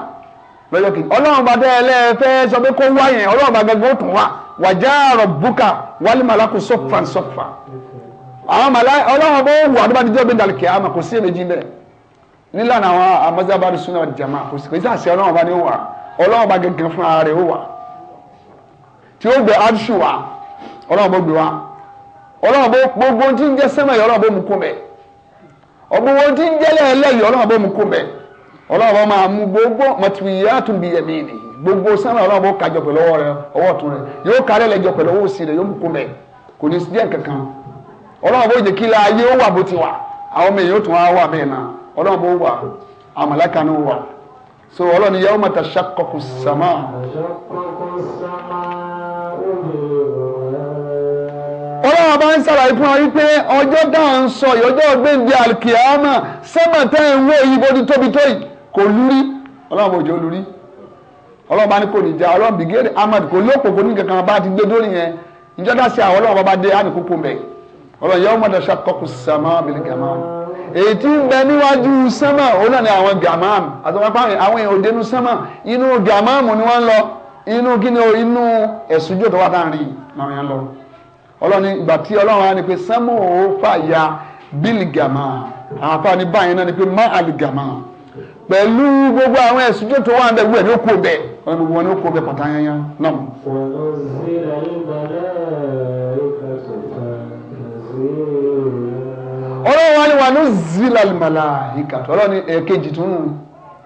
lọ́jọ́ kejì ọlọ́run bá dẹ́ ẹlẹ́fẹ́ sọ pé kó wá yẹn ọlọ́run bá gẹ́gẹ́ ó tún búkà wálé màlákù sọ́fà sọ́fà àwọn màláì ọlọ́run bó wù àdúrà bí àmà kò sí èméjì bẹ́ẹ̀ nílànà àwọn súnà kò sí ọlọ́run bá ní wà ọlọ́run bá gẹ́gẹ́ fún ara rẹ̀ wà tí ó gbé ọlọ́run bó gbé ọlọ́run bó gbogbo ọlọ́run máa mú gbogbo matwiyatun bi yaminihi gbogbo sánà ọlọ́run bó kájọ pẹ̀lú ọwọ́ rẹ ọwọ́ ọ̀tún rẹ yóò kárẹ́ lẹ́jọ pẹ̀lú owó sí rẹ yóò mú kó mẹ́ kò ní sí díẹ̀ kankan ọlọ́run bó jẹ́ kí la ayé ó wà bó ti wà àwọn ọmọ èèyàn ó tún wá wà bẹ́ẹ̀ náà ọlọ́run bó wà àmàlẹ́ka ni ó wà so ọlọ́run ni yawma tashaqqaqu sama. ọlọ́run bá ń ṣàlàyé fún wa wípé ọjọ́ dáhùn sọ ìyọjọ́ gbẹ̀ǹdẹ̀ àlùkìyámà sẹ́mọ̀tẹ́ ìwé ìbòdì tóbi tóyìí kò lúrí ọlọ́run bò jẹ́ olúrí ọlọ́run bá ní kò ní já ọlọ́run bìgẹ́rì ahmed kò ní òpópó ní kankan bá ti gbé dórí yẹn ìjọba sí àwọn ọlọ́run bá dé àní púpọ̀ mbẹ́ ọlọ́run yẹ́wò mọ́tò ṣàkókò sàmà bìlì gàmà èyí tí ń bẹ níwájú sánmà òun náà ni àwọn gàmà àtọ́wọ́pá àwọn èèyàn òdenu sánmà inú gàmà mù ni wọ́n lọ inú kíni o inú ẹ̀sùn jò tó wà láàrin làwọn yẹn lọ ọlọ́run ìgbà tí ọlọ́run á ní pé sánmà ò fà ya bìlì gàmà àwọn afáàní báyìí náà ni pé má àlì gàmà pẹ̀lú gbogbo àwọn ẹ̀sùn tó tó wà ń bẹ gbogbo ẹ̀ ló kó bẹ wọn gbogbo wọn ló kó bẹ pọ̀tà yanyan náà. ọlọ́run wa ni wà ní zilal malaika ọlọ́run ni èkejì tún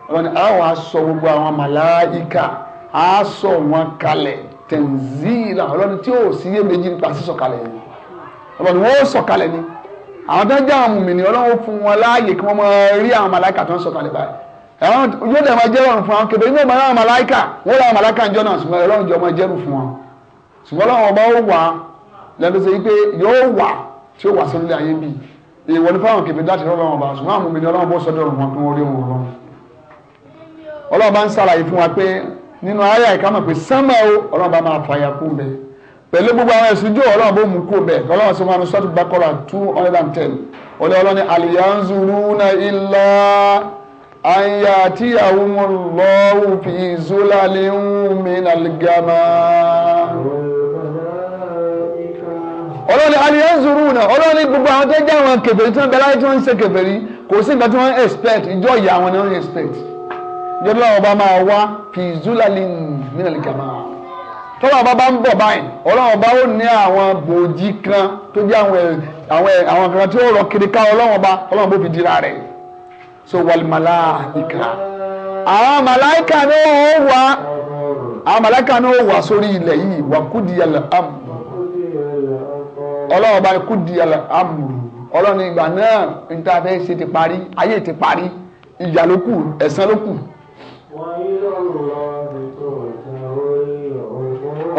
ọlọ́run ni a wà sọ gbogbo àwọn malaika a sọ wọn kalẹ̀ tẹ̀nzíìlà ọlọ́run tí yóò sí iyèméjì nípa sísọ̀kalẹ̀ yẹn ọlọ́run wọn ó sọ̀kalẹ̀ ni àwọn tó ń jẹ́ àwọn mùmìnì ọlọ́run fún wọn láàyè kí wọ́n máa rí àwọn malaika tó ń sọ̀kalẹ̀ báyìí àwọn yóò dẹ̀ máa jẹ́ ọ̀run fún àwọn kébé inú ọmọ náà màláìkà wọ́n ra màláìkà jọ náà ṣùgbọ́n ọlọ́run jọ máa jẹ́rù fún wọn ṣùgbọ́n ọlọ́run ọba ó wà lẹ́nu sí pé yóò wà tí ó wà sínú ilé ayé bíi ìwọ ní fáwọn kébé láti ọlọ́run ọba ṣùgbọ́n àwọn ọmọbìnrin ọlọ́run bó sọ́dọ̀ ọ̀run wọn pé wọ́n rí wọn ọlọ́run ọlọ́run bá ń ṣàlàyé fún wa pé nínú ayé àyíká mọ̀ pé sánmà o ọlọ́run bá máa fàyà kú bẹ pẹ̀lú gbogbo àwọn ẹ̀sùn jọ ọlọ́run bó mú kú bẹ ọlọ́run sọ wọn sọ́tù Baqara two hundred and ten ọlọ́run ni al yanzuruna àyà tí àwọn ọlọ́wù fi zúlà lè ń mi nàlgàmà. ọlọ́ni àníyàn zuru náà ọlọ́ni gbogbo àwọn tó jẹ́ àwọn kèfèrí tí wọ́n bẹ láyé tí wọ́n ń ṣe kèfèrí kò sí nǹkan tí wọ́n ń expect ìjọ ìyá àwọn ni wọ́n ń expect jẹ́bí ọba máa wá fi zúlà lè ń tọ́lá ọba bá ń bọ̀ báyìí ọlọ́run ọba ó ní àwọn bòójì kan tó jẹ́ àwọn àwọn kan tí ó rọ kiri ká ọlọ́run ọba ọlọ́run bó fi dira rẹ̀ so wàlmàláìka àwọn màláìka náà ó wà àwọn màláìka náà ó wà sórí ilẹ̀ yìí wà kúdìyàlà amú ọlọ́run bá ní kúdìyàlà amú ọlọ́run ní ìgbà náà níta fẹ́ ṣe ti parí ayé ti parí ìyà ló kù ẹ̀san ló kù.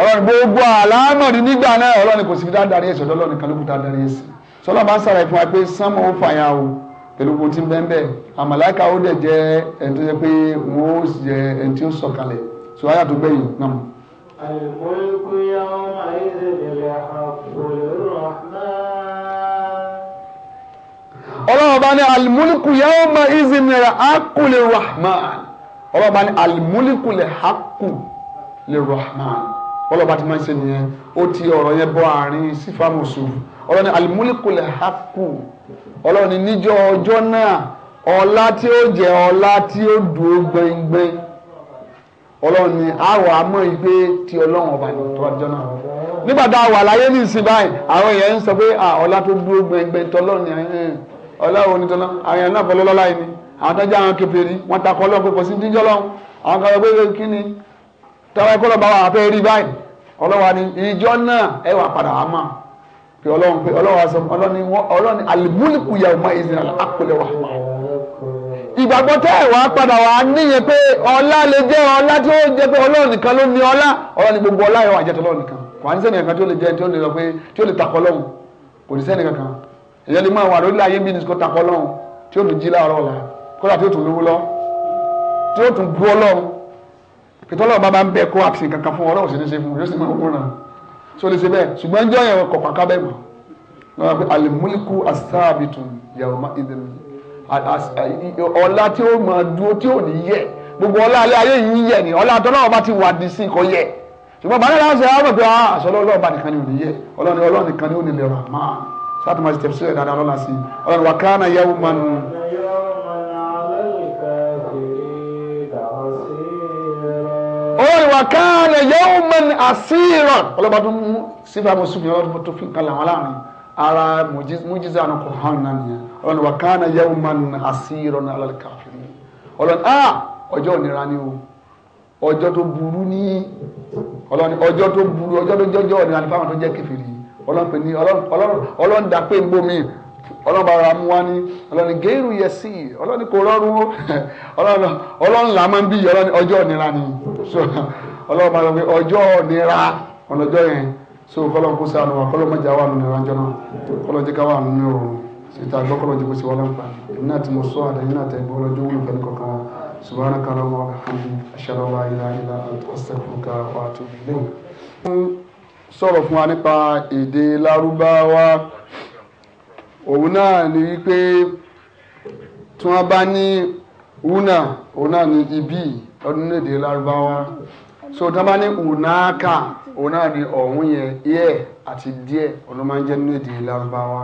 ọlọ́run gbogbo àlámọ̀ ní nígbà náà ọlọ́run kò sí fi dáadáa rí ẹ̀sìn ọlọ́run kan ló kù dáadáa rí ẹ̀sìn sọlá bá ń sára ìfún wa pé sánmọ́ ó fàyà o eruku ti bẹ́ẹ̀ bẹ́ẹ̀ àmàlàkà ó dẹ̀ jẹ́ ẹni tó jẹ́ pé wọ́n ó ẹni tí ó sọ̀kalẹ̀ sọ ayà tó gbẹ̀yìn náà. الملك يومئذ الحق للرحمن ọlọ́run bá ní alimuliku yawma izin rẹ̀ haku lè rahman ọlọ́run bá ní alimuliku lè haku lè rahman bọ́lá bá ti máa ń ṣe nìyẹn ó ti ọ̀rọ̀ yẹn bọ́ àárín sífàmùsù ọlọ́ni alimulikulẹ̀ haku ọlọ́ni níjọ́ ọjọ́ náà ọlá tí ó jẹ́ ọlá tí ó dúró gbẹngbẹng ọlọ́ni àwọ̀ àmọ́ ìgbé ti ọlọ́run ọba ní ọjọ́ náà nígbà tá a wà láyé ní ìsìn báyìí àwọn èèyàn ń sọ pé ọlá tó dúró gbẹngbẹng tọlọ́run ọlọ́run ní àwọn èèyàn náà fọlọ́lọ́lá ni àwọn tó jẹ́ àwọn kèfèrí wọ́n takọ́ ọlọ́run pé kò sí tọ́wọ́ ẹ̀kọ́ lọ́ba wa fẹ́ rí báyìí ọlọ́wà ni ìjọ náà ẹ wà padà wà mọ́ pé ọlọ́run pé ọlọ́wà sọ ọlọ́ni ọlọ́ni àlùmúlùkù yà ọmọ ìsìn àpèlè wà mọ́. ìgbàgbọ́ tẹ́ ẹ̀ wá padà wà níyẹn pé ọlá lè jẹ́ ọlá tí ó jẹ́ pé ọlọ́run nìkan ló ní ọlá ọlọ́ni gbogbo ọlá yẹn wà jẹ́ tọ́lọ́run nìkan kò ní sẹ́ni kankan tí ó lè jẹ́ tí ó lè lọ pé tí ó lè takọ lọ́hùn kò ní sẹ́ni kankan èyàn lè máa wà lórí ayé bí nìkan takọ lọ́hùn tí ó tún jí láàárọ̀ ọ̀la kódà tí ó tún lówó ìkẹtọ́lọ́ bá bá ń bẹ kó àṣì kankan fún ọlọ́run sì ní ṣe fún yóò sì máa wúrà so lè ṣe bẹ́ẹ̀ ṣùgbọ́n jọ́ yẹn kọ̀ pàkà bẹ́ẹ̀ mọ̀ lọ́wọ́ pé alimuliku asaabitun yahoma idemi ọlá tí ó máa dúró tí ò ní yẹ gbogbo ọlá alẹ́ ayé yìí yẹ ni ọlá tọ́lọ́wọ́ bá ti wà dí sí kò yẹ ṣùgbọ́n bàálẹ̀ láti ṣe àwọn ọmọ pé aṣọ ah, ọlọ́run nìkan ni ò ní yẹ ọlọ́run ọlọ́run nìkan ni ò ní lè rà máa sátìmọ̀ ṣe tẹ̀síwẹ̀ dáadáa lọ́la sí ọlọ́run wà kánà yahoo manu wà káàlẹ̀ yóò mẹ́ni àṣírọ̀ ọlọ́ba tó mú sífà mùsùlùmí ọlọ́ba tó fi kalẹ̀ wọn láàrin ara mújísà ní kùrán náà nìyẹn ọlọ́ni wà káàlẹ̀ yóò mẹ́ni àṣírọ̀ ní alálìkàfẹ́ ọlọ́ni ah ọjọ́ ònira ni o ọjọ́ tó burú ní ọlọ́ni ọjọ́ tó burú ọjọ́ tó jọjọ́ ònira ní fáwọn tó jẹ́ kẹfìrì ọlọ́ni dàpé gbómi ọlọ́run bá ra mú wá ní ọlọ́run géèrú yẹ sí i ọlọ́run kò rọrùn ó ọlọ́run làmọ́ bí ọlọ́run ọjọ́ ìnira ni ọlọ́run máa sọ pé ọjọ́ nira ọlọ́jọ́ yẹn so kọ́lọ́n kó sànù wa kọ́lọ́n mọ̀jà wà nínú ìrànjọ́ náà kọ́lọ́n jẹ́ ká wà nínú òòrùn síta gbọ́ kọ́lọ́n jẹ́ kó sì wà lọ́nà èmi náà ti mọ̀ sọ àdéhùn náà tẹ̀ gbọ́ ọlọ́jọ́ wúlò pẹ̀lú kankan wa subahana kan lọ́wọ́ aṣáláwá ilá ilá ọ̀sẹ̀kùnkà wà tóbi lẹ́yìn. sọ̀rọ̀ fún wa nípa èdè lárúbáwá òun náà ni wípé tí wọ́n bá ní wúnà òun náà ni ibi ọdún èdè lárúbáwá so tí wọ́n bá ní ònàkà ònà ni ọ̀hún yẹn yẹ àti díẹ̀ ọ̀nà máa ń jẹ́ nínú èdè lárúbáwá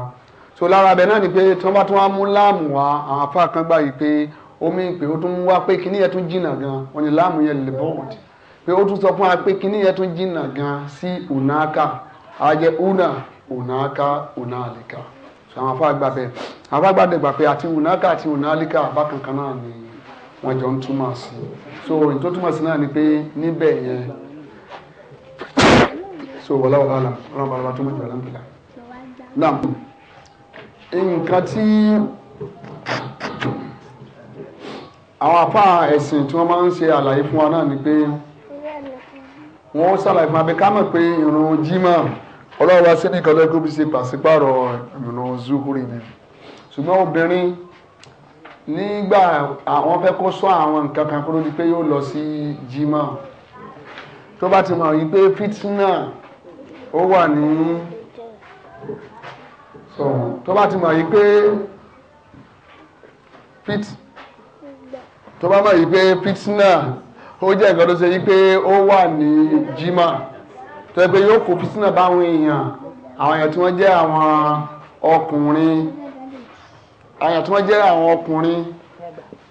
so lára bẹ̀ náà ni pé tí wọ́n bá tún wá mú láàmù wá àwọn afá kan gbà yìí pé omi ìpè ó tún wá pé kíní yẹn tún jìnnà gan wọ́n ní láàmù yẹn lè bọ́ọ̀dì pé ó tún sọ fún wa pé kíní yẹn tún jìnnà gan sí ònàkà àjẹ una ònàkà ònàlìkà so àwọn afá gbà bẹ́ẹ̀ àwọn afá gbà dẹ̀ gbà pé àti ònàkà àti ònàlìkà bákan kan náà nìyí wọ́n jọ ń túmọ̀ sí so ohun tó túmọ̀ sí náà ni pé níbẹ̀ yẹn so wọ́lá wọ́lá là ọlọ́run bá wà tó mọ̀ jù aláǹbìlà. nam nǹkan tí àwọn apá ẹ̀sìn tí wọ́n máa ń ṣe àlàyé fún wa náà ni pé wọ́n ṣàlàyé fún wa pé ká mọ̀ pé irun jimá ọlọ́run wá sí nìkan lọ́gbọ́n bí ṣe pàṣípàrọ̀ ìrùnà zuhuri ni ṣùgbọ́n obìnrin nígbà àwọn fẹ́ kó sọ àwọn nǹkan kan kúrò ní pé yóò lọ sí jimá tó bá ti mọ̀ yí pé fitna ó wà ní tó bá ti mọ̀ yí pé fit tó bá mọ̀ yí pé fitna ó jẹ́ nǹkan tó ṣe yí pé ó wà ní jimá tó yẹ pé yóò kó fitna báwọn èèyàn àwọn èèyàn tí wọ́n jẹ́ àwọn ọkùnrin àyàn tí wọ́n jẹ́ àwọn ọkùnrin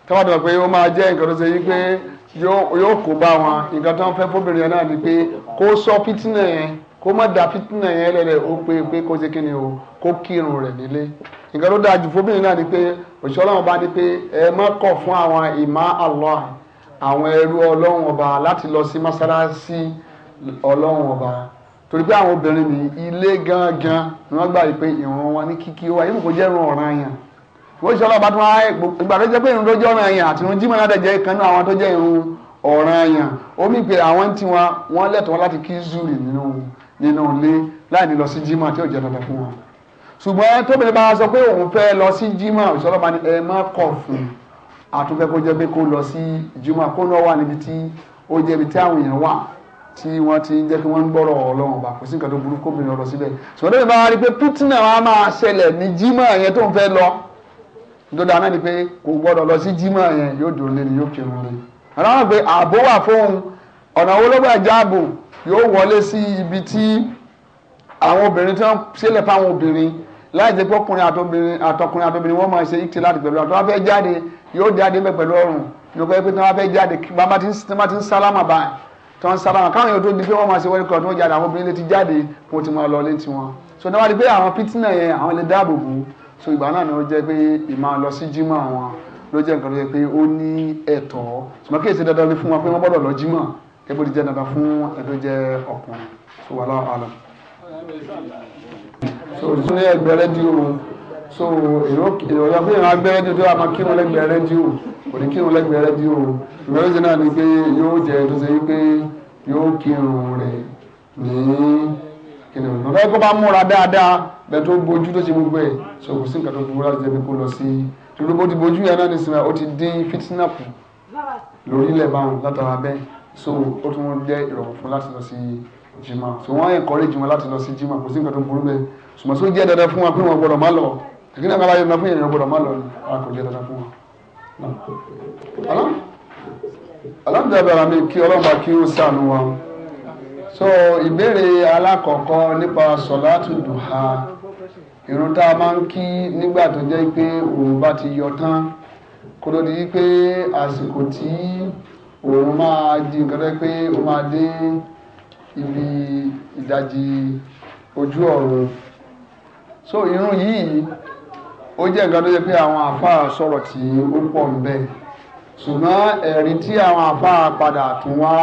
tọ́wọ́ tó pé ó máa jẹ́ nǹkan tó ṣe yí pé yóò kó bá wọn nǹkan tó ń fẹ́ fóbìnrin náà ni pé kó sọ fìtínà yẹn kó má da fìtínà yẹn lẹ́lẹ̀ ó pé pé kó ṣe kí ni o kó kírun rẹ̀ nílé nǹkan tó dáa jù fóbìnrin náà ni pé òṣìṣẹ́ ọlọ́run bá ní pé ẹ má kọ̀ fún àwọn ìmá Allah àwọn ẹrú ọlọ́run ọba láti lọ sí mọ́sálásí ọlọ́run ọba torí pé àwọn obìnrin ní ilé gangan ni wọ́n gbà pé ìran wọn ní kíkí ó wà yìí jẹ́ ìran ọ̀ràn yẹn wọ́n ṣe ọlọ́ba tó wá ìgbà tó jẹ́ pé irun tó jẹ́ ọ̀ràn ẹ̀yàn àti irun jímọ̀ náà dẹ̀ jẹ́ ìkànnì àwọn tó jẹ́ irun ọ̀ràn ẹ̀yàn omi pé àwọn tí wọn wọn lẹ́tọ̀ọ́ láti kí zuri nínú nínú ilé láì ní lọ sí jímọ̀ tí ò jẹ́ dandan fún wọn. ṣùgbọ́n tóbìnrin bá sọ pé òun fẹ́ lọ sí jímọ̀ ìṣọlọ́ba ni ẹ má kọ̀ fún àtúnfẹ́ kó jẹ́ pé kó lọ sí jímọ̀ kó náà wà níbi tí ó jẹ́ ibi tí àwọn èèyàn wà tí wọ́n ti ń jẹ́ kí wọ́n ń gbọ́rọ̀ ọlọ́run ọba kò sí nǹkan tó burú kóbìnrin ọ̀rọ̀ síbẹ̀ ṣùgbọ́n tóbìnrin bá wá rí pé pítínà wa máa ṣẹlẹ̀ ní jímọ̀ yẹn tó ń fẹ́ lọ nítorí àná ni pé kò gbọ́dọ̀ lọ sí jímọ̀ yẹn yóò dùn lé ni yóò kírun lé àná wọn pé ààbò wà fóun ọ̀nà owó lọ́gbà jáàbò yóò wọlé sí ibi tí àwọn obìnrin tí wọ́n sílẹ̀ fáwọn obìnrin láì jẹ́ pé ọkùnrin àtọkùnrin àtọkùnrin àtọbìnrin wọ́n máa ṣe ìtì láti pẹ̀lú àtọ́ wọn fẹ́ jáde yóò jáde mẹ́ pẹ̀lú ọrùn ní ọgbẹ́ pé tí wọ́n fẹ́ jáde bàbá tí wọ́n ti ń sálámà báyìí tí wọ́n ń sálámà káwọn yóò tó di pé wọ́n máa ṣe wẹ́lẹ́ kọ̀ọ̀tún jáde àwọn obìnrin lè ti jáde kó ti máa lọ létí wọn so náà wá di pé àwọn pítínà yẹn àwọn lè dáàbò bò so ìgbà náà ni ó jẹ́ pé ìmáa lọ sí jímọ̀ àwọn ló jẹ́ nǹkan tó jẹ́ pé ó ní ẹ̀tọ́ ṣùgbọ́n kí èsì dandan ni fún wa pé wọ́n gbọ́dọ̀ lọ jímọ̀ kébó ti jẹ́ dandan fún ẹ̀ tó jẹ́ ọkùnrin so wà láwọn àlọ́. so ìtún ní ẹgbẹ́ rédíò so ìròyìn pé ìran agbẹ́ rédíò tó wà máa kírun lẹ́gbẹ̀ẹ́ rédíò kò ní kírun lẹ́gbẹ̀ẹ́ rédíò ìròyìn náà ni pé yóò jẹ́ tó ṣe wípé yóò kírun rẹ̀ ní kí ni ọ̀nà tó bá múra dáadáa bẹ́ẹ̀ tó bójú tó ṣe gbogbo ẹ̀ so kò sí nǹkan tó burú láti jẹ́ pé kó lọ sí torí bó ti bójú yàrá ní sinmi ó ti dín fitina lórílẹ̀ báwọn látara bẹ́ẹ̀ so ó tún jẹ́ ìrọ̀rùn fún láti lọ sí jimá so wọ́n á encourage wọn láti lọ sí jimá kò sí nǹkan tó burú bẹ́ẹ̀ ṣùgbọ́n tó jẹ́ dandan fún wa pé wọ́n gbọ́dọ̀ má lọ ìgbìnà kan láyé fún èèyàn gbọ́dọ̀ má lọ so ìbéèrè alákọ̀ọ́kọ́ nípa sọ̀látù dùhà irun tá a máa ń kí nígbà tó jẹ́ pé òun bá ti yọ tán kó ló di pé àsìkò tí òun máa di nǹkan rẹ pé ó máa dé ibi ìdajì ojú ọ̀run so irun yìí ó jẹ́ nǹkan tó jẹ́ pé àwọn àfáà sọ̀rọ̀ tí ó pọ̀ ń bẹ ṣùgbọ́n ẹ̀rí tí àwọn àfáà padà tún wá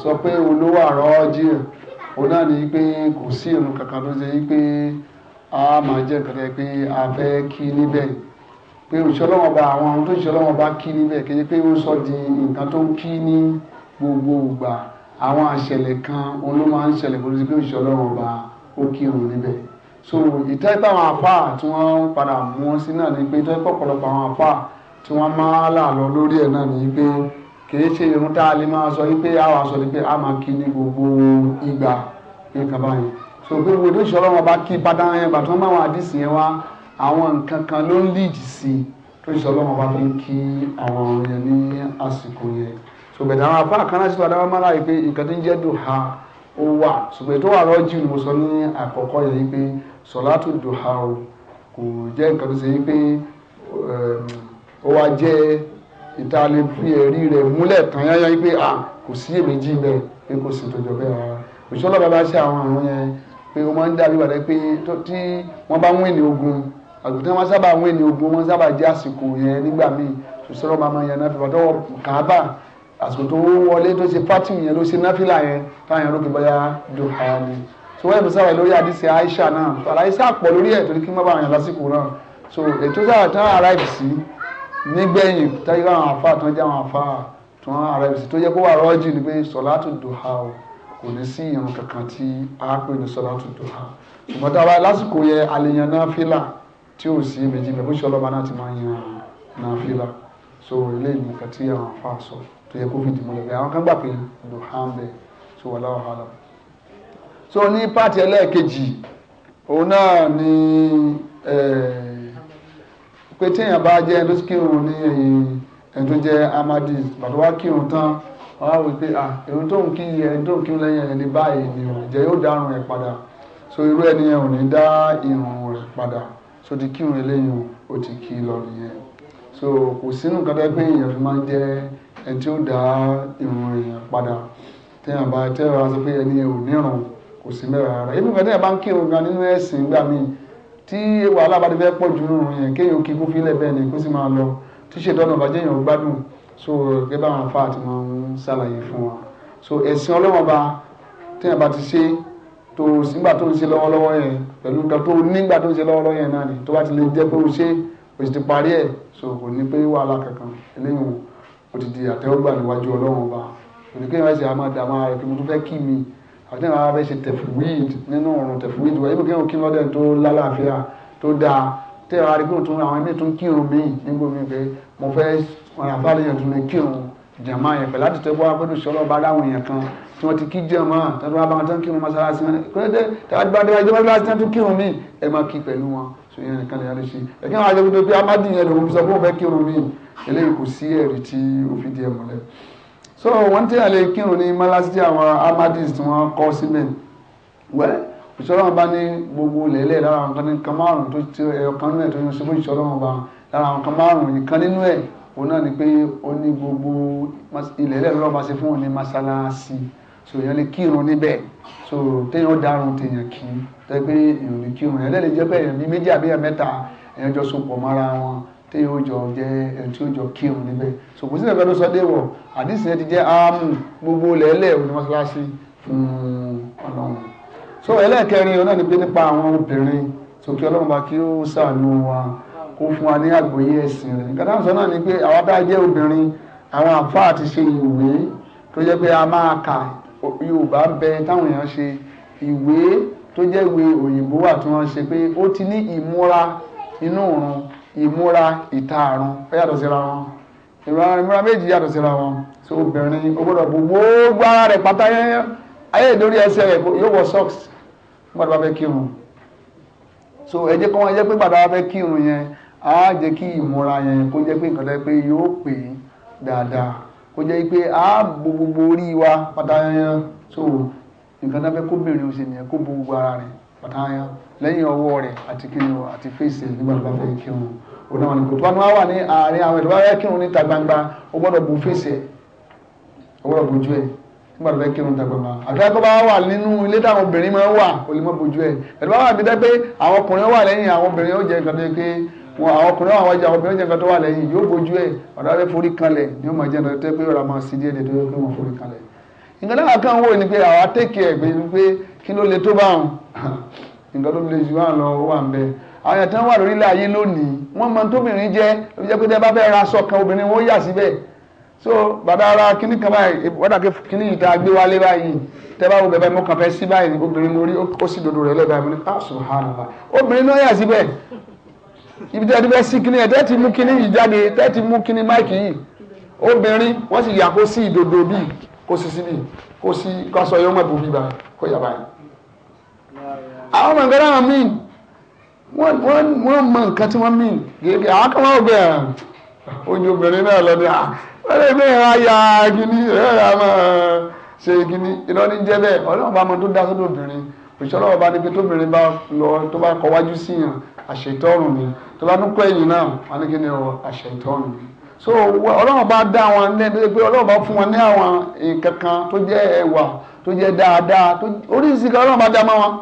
sọ pé olówó àrọ́ jìn òun náà ni pé kò sí irun kankan tó jẹ́ pé a máa jẹ́ nǹkan tẹ́ pé a fẹ́ kí níbẹ̀ pé òṣìṣọ́lọ́wọ́ bá àwọn ohun tó ṣiṣọ́lọ́wọ́ bá kí níbẹ̀ kéde pé ó sọ di nǹkan tó ń kí ní gbogbo ìgbà àwọn àṣẹlẹ̀ kan òun ló máa ń ṣẹlẹ̀ kó lóṣù pé òṣìṣọ́lọ́wọ́ bá ó kírun níbẹ̀ so ìtẹ́ táwọn apá tí wọ́n padà mú wọn sí náà ni pé tó pọ̀pọ̀lọpọ̀ àwọn apá tí wọ́n máa là lọ lórí ẹ̀ náà ni pé kìí ṣe irun tá a lè máa sọ wípé a wà ni wípé a máa kí ní gbogbo ìgbà nǹkan báyìí so pé gbogbo oríṣi ọlọ́run ọba kí padà yẹn gbà tó ń bá àwọn àdìsí yẹn wá àwọn nǹkan kan ló ń líìdì sí i tó ṣe ọlọ́run ọba fi ń kí àwọn yẹn ní àsìkò yẹn so bẹ̀dẹ̀ àwọn apá kan náà sì padà wá má láàyè pé nǹkan tó ń jẹ́ dùhà ó wà ṣùgbọ́n tó wà rọ́jì ni mo sọ ní àkọ́kọ́ yẹn yìí pé sọ̀látù dùhà o kò jẹ́ nǹkan tó ṣe yìí pé ó wá jẹ́ ìtàlẹ́ fi ẹ̀rí rẹ̀ múlẹ̀ tán yányá yìí pé kò sí èméjì bẹ́ẹ̀ pé kò sì tọjọ́ bẹ́ẹ̀ rárá òṣìṣẹ́ ọlọ́ba bá ṣe àwọn àrùn yẹn pé wọ́n máa ń dàbí wàdà pé tí wọ́n bá wìn ní ogun àgùntàn tí wọ́n sábà wìn ní ogun wọ́n sábà jẹ́ àsìkò yẹn nígbà míì sọ̀rọ̀ máa máa yan náà fìbà tọ́wọ́ kàábà àsìkò tó wọlé tó ṣe fátìmù yẹn ló ṣe náfìlà yẹn táwọn yẹn ló fi bọ́yá dùn ara ni so wọ́n yẹn fi sábà lórí àdìsí Aisha náà fàlà Aisha pọ̀ lórí ẹ̀ torí kí wọ́n bá wọn yàn lásìkò náà so ètò sábà tán arrive sí nígbẹ̀yìn táyé àwọn àfa àtúnjẹ àwọn àfa tán arrive sí tó yẹ kó wà rọ́ọ̀jì ni pé sọ̀lá tó dùn ha o kò ní sí ìran kankan tí a pè ní sọlá tuntun ha ṣùgbọ́n tá a wá lásìkò yẹ àlèyàn náà fílà tí ò sí méjì bẹ́ẹ̀ bó ṣe náà ti máa yan náà fílà so eléyìí nìkan tí àwọn afa sọ tó yẹ kó fìdí bẹ́ẹ̀ àwọn kan gbà pé lò há ń bẹ so wà láwọ̀ so ní pààtì ẹlẹ́ẹ̀kejì òun náà ni pé téèyàn bá jẹ́ ẹni tó kírun ní ẹ̀yìn ẹni tó jẹ́ amadi bàtọ́ wá kírun tán wọ́n á wí pé à èrò tó ń kí ẹni tó ń kí lẹ́yìn ẹni báyìí ni ò jẹ́ yóò dárun rẹ̀ padà so irú ẹni yẹn ò ní dá irun rẹ̀ padà so ti kírun eléyìí ó ti kí lọ nìyẹn so kò sínú kátà pé èèyàn fi máa ń jẹ́ ẹni tí ó dá irun rẹ̀ padà téèyàn bá tẹ́wàá sọ pé ẹni ò nírun kò sí mẹ́ra rárá ibi kan téèyàn bá ń kírun gan nínú ẹ̀sìn gbà míì tí wàhálà bá ti fẹ́ pọ̀ jù nínú yẹn kéèyàn kí kó fílẹ̀ bẹ́ẹ̀ ni kó sì máa lọ tí so gẹ́gẹ́ bá wọn fa àti ń ṣàlàyé fún wa so ẹ̀sìn ọlọ́wọ́n ba téèyàn bá ti ṣe tó nígbà tó ń ṣe lọ́wọ́lọ́wọ́ yẹn pẹ̀lú nǹkan tó nígbà tó ń ṣe lọ́wọ́lọ́wọ́ yẹn náà ni tó bá ti lè jẹ́ pé o ṣe o sì ti parí ẹ̀ so kò ní pé wàhálà kankan eléyìí o ti di àtẹ́wọ́gbà níwájú ọlọ́wọ́n ba òdìkéyàn wáyé ṣe àmọ́ dàmọ́ ara rẹ̀ pé mo tún fẹ́ kí mi àti àwọn abẹ́ ṣe tẹ̀fúwìd nínú ọ̀run tẹ̀fúwìd wọ́n yẹ́pọ̀ kí wọ́n kí lọ́dẹ̀ tó lálàáfíà tó dáa tẹ́ ara rí pé àwọn ẹni tó ń kírun míì nígbò míì pé mo fẹ́ ọ̀nà àfáàlẹ́yìn jàmá yẹn pẹ̀lú àti tẹ́gbọ́ abẹ́nu sọ̀rọ̀ bá dáhùn yẹn kan tí wọ́n ti kí jàmá tẹ́gbọ́ bá wọn tán kírun mọ́sálásí wọn kúrẹ́dẹ́ tẹ́gbàdé ẹjọ́ mọ́sálásí tán tún kírun mí ẹ máa kí pẹ̀lú wọn sòyìn nìkan lè yára ṣe ẹ̀kí àwọn ajẹ́gbẹ́ pé amadi yẹn lòun sọ fún òfẹ́ kírun mí eléyìí kò sí ẹ̀rí tí ó fi di ẹ̀ mọ́lẹ̀ so wọ́n tẹ́ àlẹ́ kírun ní mọ́sálásí tí àwọn amadis tí wọ́n kọ́ síbẹ̀ wẹ́ ìṣọ́lọ́wọ́n bá ní gbogbo lẹ́lẹ́ lára àwọn kan ní kan márùn-ún tó ti ẹ̀yọkan náà tó ń ṣe fún ìṣọ́lọ́wọ́n bá lára àwọn kan márùn ìkan nínú ẹ̀ òun náà ni pé ó ní gbogbo ilẹ̀ ilẹ̀ lọ́wọ́ máa ṣe fún òun ní mọ́ṣáláṣí so èèyàn lè ni níbẹ̀ so téèyàn dárun téèyàn kí tẹ́ pé èèyàn lè kírun èèyàn lè jẹ́ pé èèyàn bíi méjì àbí mẹ́ta èèyàn jọ so pọ̀ mọ́ra wọn téèyàn ó jọ jẹ́ ẹni tí ó jọ kírun níbẹ̀ so kò sí ìfẹ́ tó sọ dé wọ̀ àdìsí yẹn ti jẹ́ áàmù gbogbo ilẹ̀ ilẹ̀ òun ní mọ́ṣáláṣí fún ọlọ́run so ẹlẹ́ẹ̀kẹrin ọ̀nà ni pé nípa àwọn obìnrin so kí ọlọ́run bá kí ó ṣàánú wa kó fún wa ní àgbọ́yé ẹ̀sìn rẹ̀ nǹkan táwọn sọ náà ni pé àwa tá a jẹ́ obìnrin àwọn àfáà ti ṣe ìwé tó jẹ́ pé a máa kà Yorùbá bẹ táwọn èèyàn ṣe ìwé tó jẹ́ ìwé òyìnbó wà tí wọ́n ṣe pé ó ti ní ìmúra inú òrun ìmúra ìta àrùn ó yàtọ̀ síra wọn ìmúra méjì yàtọ̀ síra wọn so obìnrin ó gbọ́dọ̀ bu gbogbo ara rẹ̀ pátá ayé ìdórí ẹsẹ̀ rẹ̀ yóò wọ socks nígbà bá fẹ́ kírun so ẹ jẹ́ kó wọn jẹ́ pé bàbá wa fẹ́ kírun yẹn á jẹ́ kí ìmúra yẹn kó jẹ́ pé nǹkan tó yẹ pé yóò pè é dáadáa kó jẹ́ pé á bo gbogbo orí wa pátáyán so nǹkan tó fẹ́ kóbìnrin ó sì nìyẹn kó bo gbogbo ara rẹ̀ pátáyán lẹ́yìn ọwọ́ rẹ̀ àti kírun àti fèsì nígbà tó bá fẹ́ kírun òun àwọn ìkòtò wọn wà ní àárín àwọn ìdọ́bàwẹ́ kírun níta gbangba ó gbọ́dọ̀ bu fèsì ẹ̀ ó gbọ́dọ̀ bojú ẹ̀ nígbà tó fẹ́ kírun tàgbà máa àti akọ́ bá wà nínú ilé táwọn obìnrin máa wà kò lè mọ bojú ẹ̀ pẹ̀lú bá wà bí dẹ́ pé àwọn ọkùnrin wà lẹ́yìn àwọn obìnrin ó jẹ́ nǹkan tó yẹ pé wọn àwọn ọkùnrin wà wájú àwọn obìnrin ó jẹ́ nǹkan tó wà lẹ́yìn yóò bojú ẹ̀ ọ̀dà rẹ̀ forí kanlẹ̀ ni ó máa jẹ́ nǹkan tó yẹ pé ọ̀rà máa sí díẹ̀ tó yẹ pé wọ́n forí kanlẹ̀ nǹkan náà kàn wò ni pé àwọn èèyàn so bàbá ara kíní kan báyìí wọ́dà kíní yìí tá a gbé wálé báyìí tẹ́ bá wo bẹ̀bẹ̀ mo kàn fẹ́ sí báyìí obìnrin mo rí ó sì dodo rẹ̀ lẹ́bàá mi ní ah subhanallah obìnrin náà yà síbẹ̀ ibi tẹ́ ti fẹ́ sí kíní ẹ̀ tẹ́ ti mú kíní yìí jáde tẹ́ ti mú kíní máìkì yìí obìnrin wọ́n sì yà kó sí ìdodo bíi kó sì síbi kó sí kó aṣọ yọmọ ìbòmí báyìí kó yà báyìí àwọn ọmọ ìgbẹ́rẹ́ àwọn míì wọ́n mọ nǹkan tí wọ́n mí gègé àwọn kan wọ́n gbé ojú obìnrin náà lọ ní wọ́n lè gbé ìran aya gini ẹ̀rọ máa ṣe gini iná ní jẹ́ bẹ́ẹ̀ ọlọ́run bá mọ tó dá sọ́dọ̀ obìnrin òṣìṣẹ́ ọlọ́run bá ní pé tóbìnrin bá lọ tó bá kọ wájú sí yàn àṣetọ́rùn ni tó bá tún kọ ẹ̀yìn náà wọ́n ní kí ni ọ àṣetọ́rùn ni so ọlọ́run bá dá wọn ní ẹni pé ọlọ́run bá fún wọn ní àwọn nǹkan kan tó jẹ́ ẹwà tó jẹ́ dáadáa oríṣiríṣi kan ọlọ́run bá dá mọ́ wọn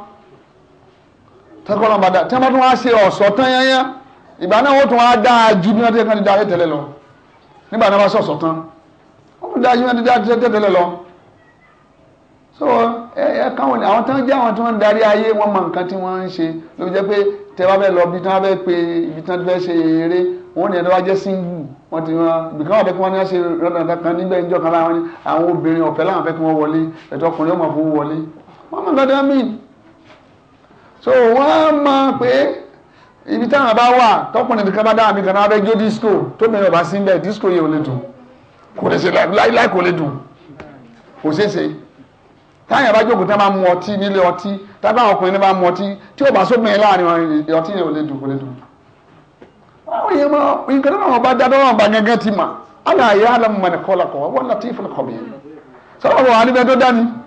tẹ́kọ̀ ọlọ́run bá dá tí wọ́n bá tún wá ṣe ọ̀ṣọ́ tán yányán ìgbà náà wọ́n tún wá dáa ju bí wọ́n ti kàn ti dáa tẹ́lẹ̀ lọ nígbà náà wá sọ̀sọ̀ tán wọ́n da yín wọn ti dá tẹ́tẹ́tẹ́lẹ̀ lọ so ẹ ẹ káwọn ní àwọn tí wọ́n jẹ́ àwọn tí wọ́n ń darí ayé wọ́n mọ nǹkan tí wọ́n ń ṣe ló fi jẹ́ pé tẹ wá fẹ́ lọ ibi tí wọ́n fẹ́ pe ibi tí wọ́n fẹ́ ṣe eré wọ́n ní ẹ̀dọ́ wá jẹ́ single wọ́n ti wọn bìkan wà fẹ́ kí wọ́n ní wọ́n ṣe rọ́dọ̀dọ̀ kan nígbà ìjọ kan láwọn ní àwọn obìnrin ọ̀fẹ́ láwọn fẹ́ kí wọ́n wọlé ẹ̀tọ́ ọkùnrin ọmọ fowó wọlé wọ́n mọ nǹkan tí wọ́n mean? so wọ́n á máa pé ibi táwọn bá wà tọkùnrin nìkan bá dáhà mí kan náà bẹ jó disco tó mìíràn bá sí bẹ disco yìí ò lè dùn kò lè ṣe láíláí kò lè dùn kò ṣeé ṣe táyà bá jókòó tá bá mu ọtí nílé ọtí tábà ọkùnrin bá mu ọtí tí ò bá sóbìn láàrin ọtí yẹn ò lè dùn kò lè dùn. àwọn èèyàn máa nǹkan náà wọn bá dá dọ́wọ́n bá gángan ti mà á náà yẹ àlọ́ mọ̀ nìkan wọ́n náà tí ì fún ọkọ̀ mi. sọ́wọ́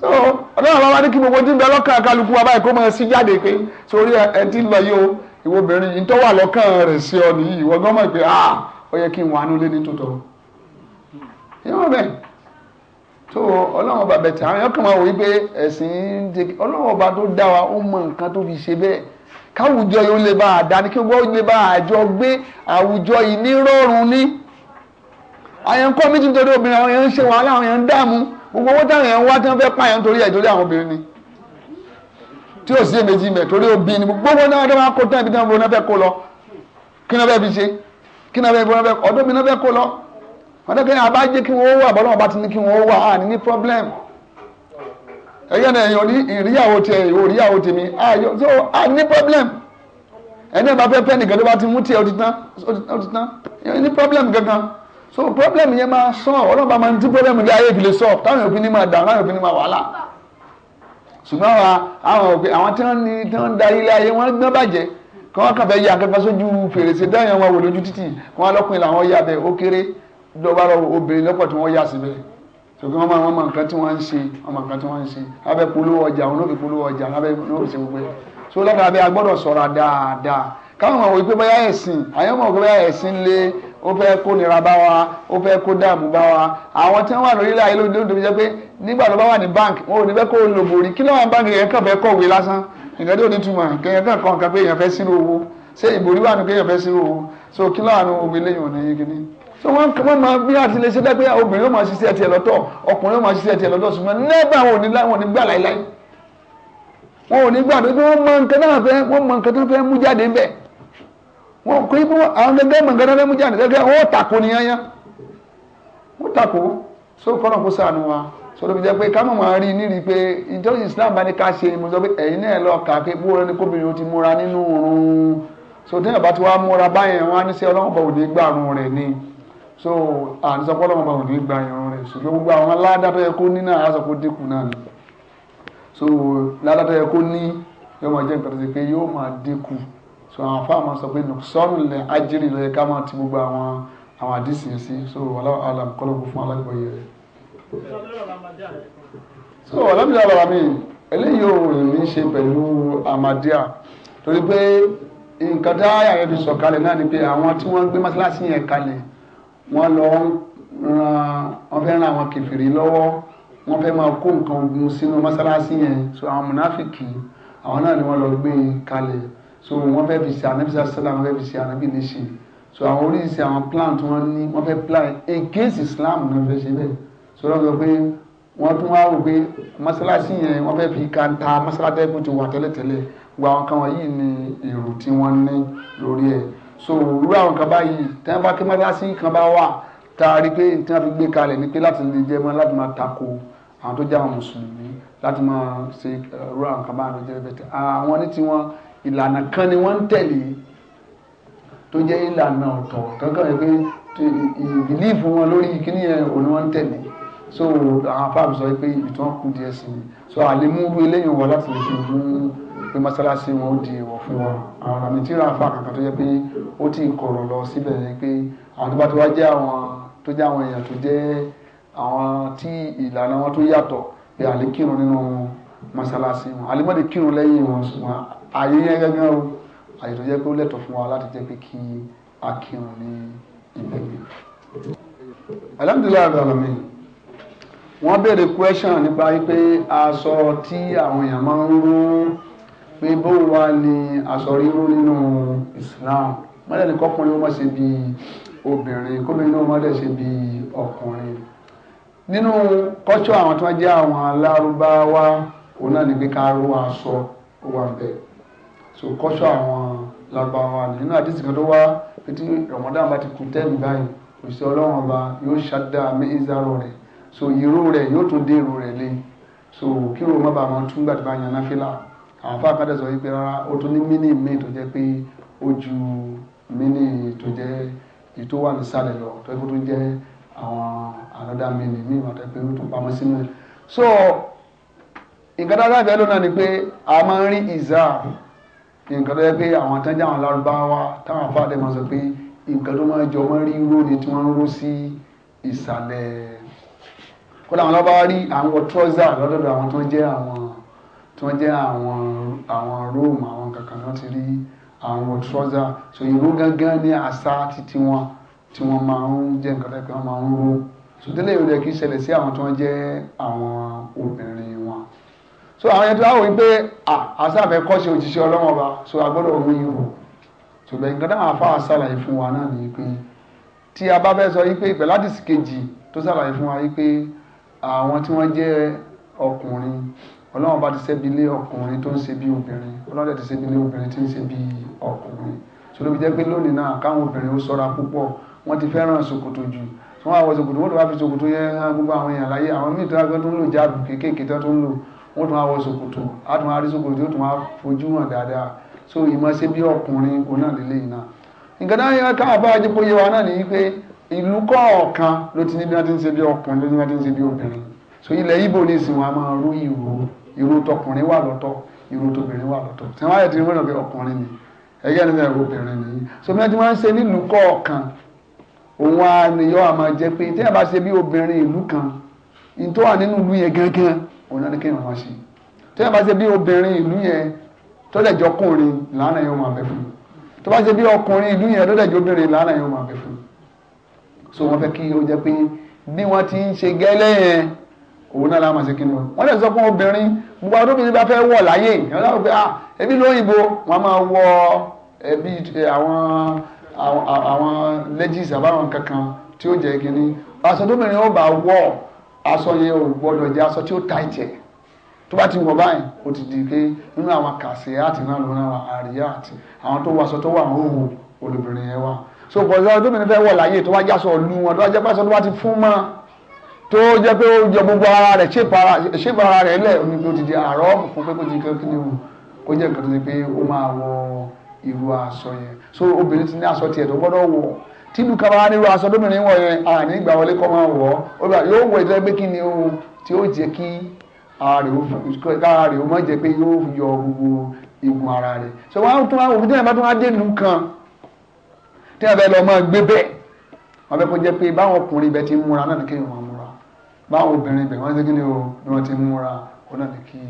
so ọlọ́run bàbá ní kí gbogbo tí ń kálukú wa báyìí kó máa sí jáde pé sórí ẹ ti lọ yìí o ìwọ obìnrin yìí tó wà lọ́kàn rẹ̀ sí ọ nìyí ìwọ gán mọ̀ pé ah ó yẹ kí n wà nílé ní tòótọ́ ìwọ bẹ́ẹ̀ tó ọlọ́run bàbá bẹ̀tẹ̀ àwọn yọkàn máa wò wípé ẹ̀sìn ń jẹ ọlọ́run ọba tó dá wa ó mọ nǹkan tó fi ṣe bẹ́ẹ̀ káwùjọ yìí ó lè bá a dá ní kí wọ́n lè bá àjọ gbé àwùjọ yìí ní rọrùn ní àyẹ̀ńkọ́ méjì nítorí obìnrin àwọn yẹn ń ṣe wàhálà àwọn yẹn ń dààmú gbogbo owó táwọn èèyàn wá tí wọ́n fẹ́ pààyàn nítorí ẹ̀ torí àwọn obìnrin ni tí ò sí èméjì mẹ́ torí obì ni gbogbo náà tó máa kó tán ibi tí wọ́n fẹ́ kó lọ kí náà fẹ́ fi ṣe kí náà fẹ́ fi fẹ́ ọdún mi náà fẹ́ kó lọ ọdún kí náà bá jẹ́ kí wọ́n wà bọ́lọ́mọba ti ní kí wọ́n wà á ní ní problem ẹ̀yẹ́ náà èèyàn ní ìríyàwó tiẹ̀ ìwò ìríyàwó tèmi so á ní problem ẹ̀dẹ́ bá fẹ́ fẹ́ nìkan tó bá ti mú tiẹ̀ ó ti tán ó ti tán ní problem gangan so problem yẹn máa sọ ọlọ́ba máa ń dín problem lé ayé ìfìlẹ̀ sọ táwọn òfin ní máa dà táwọn òfin ní máa wàhálà ṣùgbọ́n àwọn òfin àwọn tí wọ́n ní tí wọ́n ń darí ilé ayé wọ́n gbọ́n bàjẹ́ kí wọ́n kàn fẹ́ ya akẹ́kọ̀ọ́ sójú fèrèsé dáhùn wọn wò lójú títì wọn lọ́kùnrin làwọn ya bẹ́ẹ̀ ó kéré dọ́gba lọ obìnrin lọ́pọ̀ tí wọ́n yà síbẹ̀ ṣùgbọ́n wọn máa wọn nǹkan tí wọ́n ń ṣe wọn máa nǹkan tí wọ́n ń ṣe abẹ́ polówó ọjà wọn ló fi polówó ọjà abẹ́ ló fi ṣe gbogbo ẹ̀ so lọ́kàn abẹ́ agbọ́dọ̀ sọ̀ra dáadáa káwọn ọmọ wípé bóyá ẹ̀sìn àyẹ̀wò ọmọ wípé bóyá ẹ̀sìn lé ó fẹ́ kó nira bá wa ó fẹ́ kó dààmú bá wa àwọn tí wọ́n wà lórílẹ̀ ayé lóde òde jẹ́ pé nígbà tó bá wà ní bank wọn ò ní fẹ́ kó lo bòrí kí lọ́wọ́ báńkì yẹn kàn fẹ́ kọ̀wé lásán nǹkan tó ní túmọ̀ kẹyàn kàn kàn kàn pé èèyàn fẹ́ sínú owó ṣé ìbòrí wà nù kéèyàn fẹ́ sínú owó so kí lọ́wọ́ àwọn òwe lẹ́yìn ọ̀nà yẹn kìíní. so wọ́n wọ́n máa bí àti lè ṣe dẹ́gbẹ́ obìnrin ó máa ṣiṣẹ́ tiẹ̀ lọ́tọ̀ ọkùnrin ó máa ṣiṣẹ́ tiẹ̀ lọ́tọ̀ ṣùgbọ́n nẹ́gbà wọn ò ní gbà láíláí wọn ò ní gbà pé wọ́n mọ nǹkan náà fẹ́ wọ́n wọn kò ibi àwọn gẹ́gẹ́ mọ gẹ́gẹ́ mú jáde gẹ́gẹ́ wọn ò tako nìyẹn wọn tako so kọ́nà kó sànù wa sọlọ fi jẹ pé ká máa rí níri pé ìjọ Islam bá ní ká ṣe mo sọ pé ẹ̀yin náà lọ kà pé bóra ni kóbìnrin ó ti múra nínú oorun so tí yàrá bá ti wá múra báyẹn wọn á ní sẹ ọlọ́run bá òde gbà àrùn rẹ̀ ni so à ń sọ pé ọlọ́run bá òde gbà àrùn rẹ̀ ṣùgbọ́n gbogbo àwọn aládàá tó ní náà á sọ dínkù náà ni so ládàá tó yẹ kó ní yóò máa jẹ́ nǹkan tó ṣe pé yóò máa dínkù so àwọn afá máa sọ pé nùsọ́nù lẹ ajírì lọ yẹ ká máa ti gbogbo àwọn àwọn àdìsí yẹn sí so aláwọ alam kọlọ́gbù fún alágbọ̀yẹ rẹ. so ọlọ́mìnira bàbá mi eléyìí ò ní ṣe pẹ̀lú amadia torí pé nǹkan tá àyà rẹ fi sọ kalẹ̀ náà ni pé àwọn tí wọ́n gbé mọ́sálásí yẹn kalẹ̀ wọ́n lọ ran wọ́n fẹ́ ran àwọn kẹfìrí lọ́wọ́ wọ́n fẹ́ máa kó nǹkan ogun sínú mọ́sálásí yẹn so àwọn mùnáfìkì àwọn náà ni wọ́n lọ gbé kalẹ̀ so wọ́n fẹ́ fi ṣe anabi sàlám wọ́n fẹ́ fi ṣe anabi nation so àwọn oríṣi àwọn plan tí wọ́n ní wọ́n fẹ́ plan against Islam náà fẹ́ ṣe bẹ́ẹ̀ so wọ́n sọ pé wọ́n tún wá rò pé mọ́sálásí yẹn wọ́n fẹ́ fi kanta mọ́sálásí ẹ̀kún ti wà tẹ́lẹ̀tẹ́lẹ̀ gba àwọn kan wọ̀nyí ni èrò tí wọ́n ní lórí ẹ̀ so irú àwọn kan báyìí tí wọ́n bá kí mọ́sálásí kan bá wà tá pé tí wọ́n fi gbé kalẹ̀ ni pé láti lè jẹ́ mọ́ láti máa tako àwọn tó jẹ́ àwọn mùsùlùmí láti máa ṣe uh, irú àwọn kan báyìí ló jẹ́ bẹ́tẹ̀ àwọn ní tiwọn ìlànà kan ni wọ́n ń tẹ̀lé tó jẹ́ ìlànà ọ̀tọ̀ kankan yẹ pé ìbílíìfù wọn lórí kíní yẹn òun ni wọ́n ń tẹ̀lé so àwọn afáàbù sọ pé ìtàn kù díẹ̀ sí i so àlemú eléyìí wọ láti lè fi mú pé mọ́sálásí wọn ó di ìwọ̀ fún wọn àwọn àmì tí ìrànfà kankan tó jẹ́ pé ó ti kọ̀rọ̀ lọ síbẹ̀ yẹn pé àwọn tó bá ti wá jẹ́ àwọn tó jẹ́ àwọn èèyàn tó jẹ́ àwọn tí ìlànà wọn tó yàtọ̀ pé àlékírun nínú mọ́sálásí wọn àlemọ́dé kírun lẹ́yìn wọn ààyè yẹn gẹ́gẹ́ o ààyè tó jẹ́ pé ó lẹ́tọ̀ fún wa láti jẹ́ pé kí a kírun ní ibẹ̀ yẹn. alhamdulilayi abdulhamid wọ́n béèrè question nípa pé aṣọ tí àwọn èèyàn máa ń rú pé bó wa ni aṣọ rírú nínú Islam mọ́lẹ̀ ní kọ́kùnrin wọ́n ṣe bí obìnrin kóbìnrin náà mọ́lẹ̀ ṣe bí ọkùnrin nínú kọ́ṣọ́ àwọn tí wọ́n jẹ́ àwọn alárúbáwá òun náà ní pé ká rú aṣọ ó wà bẹ́ẹ̀ so kọ́ṣọ́ àwọn lágbàwá nínú àdìsí kan tó wá pé tí Ramadan bá ti kù tẹ́ẹ̀mì báyìí òṣìṣẹ́ ọlọ́run ọba yóò ṣàdá mẹ́ẹ́sàrọ̀ rẹ̀ so ìró rẹ̀ yóò tún dé ìró rẹ̀ lé so kí òun má bàa máa tún gbàdúrà bá yan náfìlà àwọn afá kan tẹ̀sán wípé rárá ó tún ní mínì míì tó jẹ́ pé ó ju mínì tó jẹ́ èyí tó wà nísàlẹ̀ lọ tó kó tó jẹ́ àwọn ànádà mínì míì wà tó pé ó tún pamọ́ sínú ẹ̀ so nǹkan dáadáa bẹ́ẹ̀ lónà ni pé a máa ń rí ìzáàbù nǹkan tó yẹ pé àwọn àtẹ́jà àwọn lárúbáwá táwọn afáàdé máa sọ pé nǹkan tó máa jọ wọ́n rí ró ni tí wọ́n ń ró sí ìsàlẹ̀ kódà àwọn lárúbáwá rí àwọn trọ́sà lọ́dọ̀dọ̀ àwọn tó jẹ́ àwọn tó jẹ́ àwọn àwọn róòmù àwọn kankan náà ti rí àwọn trọ́sà so ìró gángan ní àṣà títí wọn tí wọ́n máa ń jẹ́ nǹkan tó yẹ pé wọ́n máa ń ró so ìròyìn kì í ṣẹlẹ̀ sí àwọn tó jẹ́ àwọn obìnrin so àwọn yẹn tó wá wò wípé àṣàfẹ́ kọ́ṣe òjíṣẹ́ ọlọ́wọ́n ọba so agbọ́dọ̀ wí yìí o ṣùgbọ́n nǹkan táwọn afá ṣàlàyé fún wa náà ni pé tí a bá fẹ́ sọ wípé ìpẹ̀ládìsí kejì tó ṣàlàyé fún wa wípé àwọn tí wọ́n jẹ́ ọkùnrin ọlọ́run bá ti ṣẹ́bi lé ọkùnrin tó ń ṣe bí obìnrin ọlọ́run ti ṣẹ́bi lé obìnrin tí ń ṣe bí ọkùnrin tó ló fi jẹ́ pé lónìí náà káwọn obìnrin ó ṣọ́ra púpọ̀ wọ́n ti fẹ́ràn ṣòkòtò jù tí wọ́n àwọ̀ ṣòkòtò wọ́n lè wá fi ṣòkòtò yẹn hàn gbogbo àwọn èèyàn láyé àwọn míì tó wá gbọ́n tó ń lò jáàbù kéékèèké tó ń lò wọ́n tún wá wọ ṣòkòtò á tún wá rí tí ó tún wá hàn dáadáa so ìmọ̀ ṣe bí ọkùnrin òun náà lélẹ́yìn náà nǹkan náà yẹ ká àbá ajípo yẹ wa náà ní pé ìlú kọ̀ọ̀kan ló ti ní bí wọ́n ti ń ṣe bí ọkùnrin ló ní bí wọ́n ti ń ṣe bí obìnrin so ilẹ̀ Ìgbò ní ìsìn wọn a máa rú ìró ìró tọkùnrin wà lọ́tọ̀ ìró tóbìnrin wà lọ́tọ̀ tí wọ́n ni ẹ̀yẹ́ ni ẹ̀rọ obìnrin ni so bí wọ́n ti máa ń ṣe nílùú kọ̀ọ̀kan òun á níyọ́ àmọ́ jẹ́ pé tí wọ́n bá òun náà ní kéèyàn máa ṣe tó yẹ bá ṣe bí obìnrin ìlú yẹn tó dẹ̀ jọ ọkùnrin lánàá yóò máa bẹ fún un tó bá ṣe bí ọkùnrin ìlú yẹn tó dẹ̀ jọ obìnrin lánàá yóò máa bẹ fún un so wọ́n fẹ́ kí ó jẹ́ pé bí wọ́n ti ń ṣe gẹ́lẹ́ yẹn òun náà láwọn ṣe kíni wọ́n lè sọ fún obìnrin gbogbo àwọn tóbi bá fẹ́ wọ̀ láyé ìyẹn láwọn pé ah ẹbí lóyìnbó wọ́n máa wọ ẹbí àwọn àwọn lẹ́jìs àbáwọn kankan tí ó jẹ́ kíni aṣọ tóbìnrin ó bá wọ̀ aṣọ yẹn ò gbọ́dọ̀ jẹ́ aṣọ tí ó ta ìtẹ̀ tó bá ti wọ̀ báyìí ó ti di pé nínú àwọn kàṣẹ àti náà lóra àríyá àti àwọn tó wọ aṣọ tó wà ń hòhò olùbìnrin yẹn wà so bọ̀dọ̀ ọdúnbìnrin fẹ́ wọ̀ láyé tó wá jásọ ọ̀lú wọn tó wá jẹ́ pásọ tó wá ti fún mọ́ tó jẹ́ pé ó jẹ gbogbo ara rẹ̀ ṣèpà ara rẹ̀ lẹ̀ ní o ti di àárọ̀ fún pé kó ti kí ni o kó jẹ́ nǹkan tó ti pé ó máa wọ irú aṣọ yẹn so obìnrin ti ní aṣọ tiẹ̀ tó gbọ́dọ̀ wọ̀ tílu kan máa nírú aṣọ lóbìnrin wọ̀ yẹn àní ìgbà wọlé kọ́ máa ó bá yóò wọ ìtọ́jú pé kí ni o tí ó jẹ́ kí ara rẹ̀ ó má jẹ́ pé yóò yọ gbogbo igun ara rẹ̀ ṣé wọ́n tún wọ́n tún bá tún wá dé nù kan tí wọ́n fẹ́ lọ máa gbé bẹ́ẹ̀ wọ́n fẹ́ kó jẹ́ pé báwọn ọkùnrin ibẹ̀ ti ń múra náà ní kí wọ́n múra báwọn obìnrin ibẹ̀ wọ́n ti kí ni o ni wọ́n ti ń múra ó náà ní kí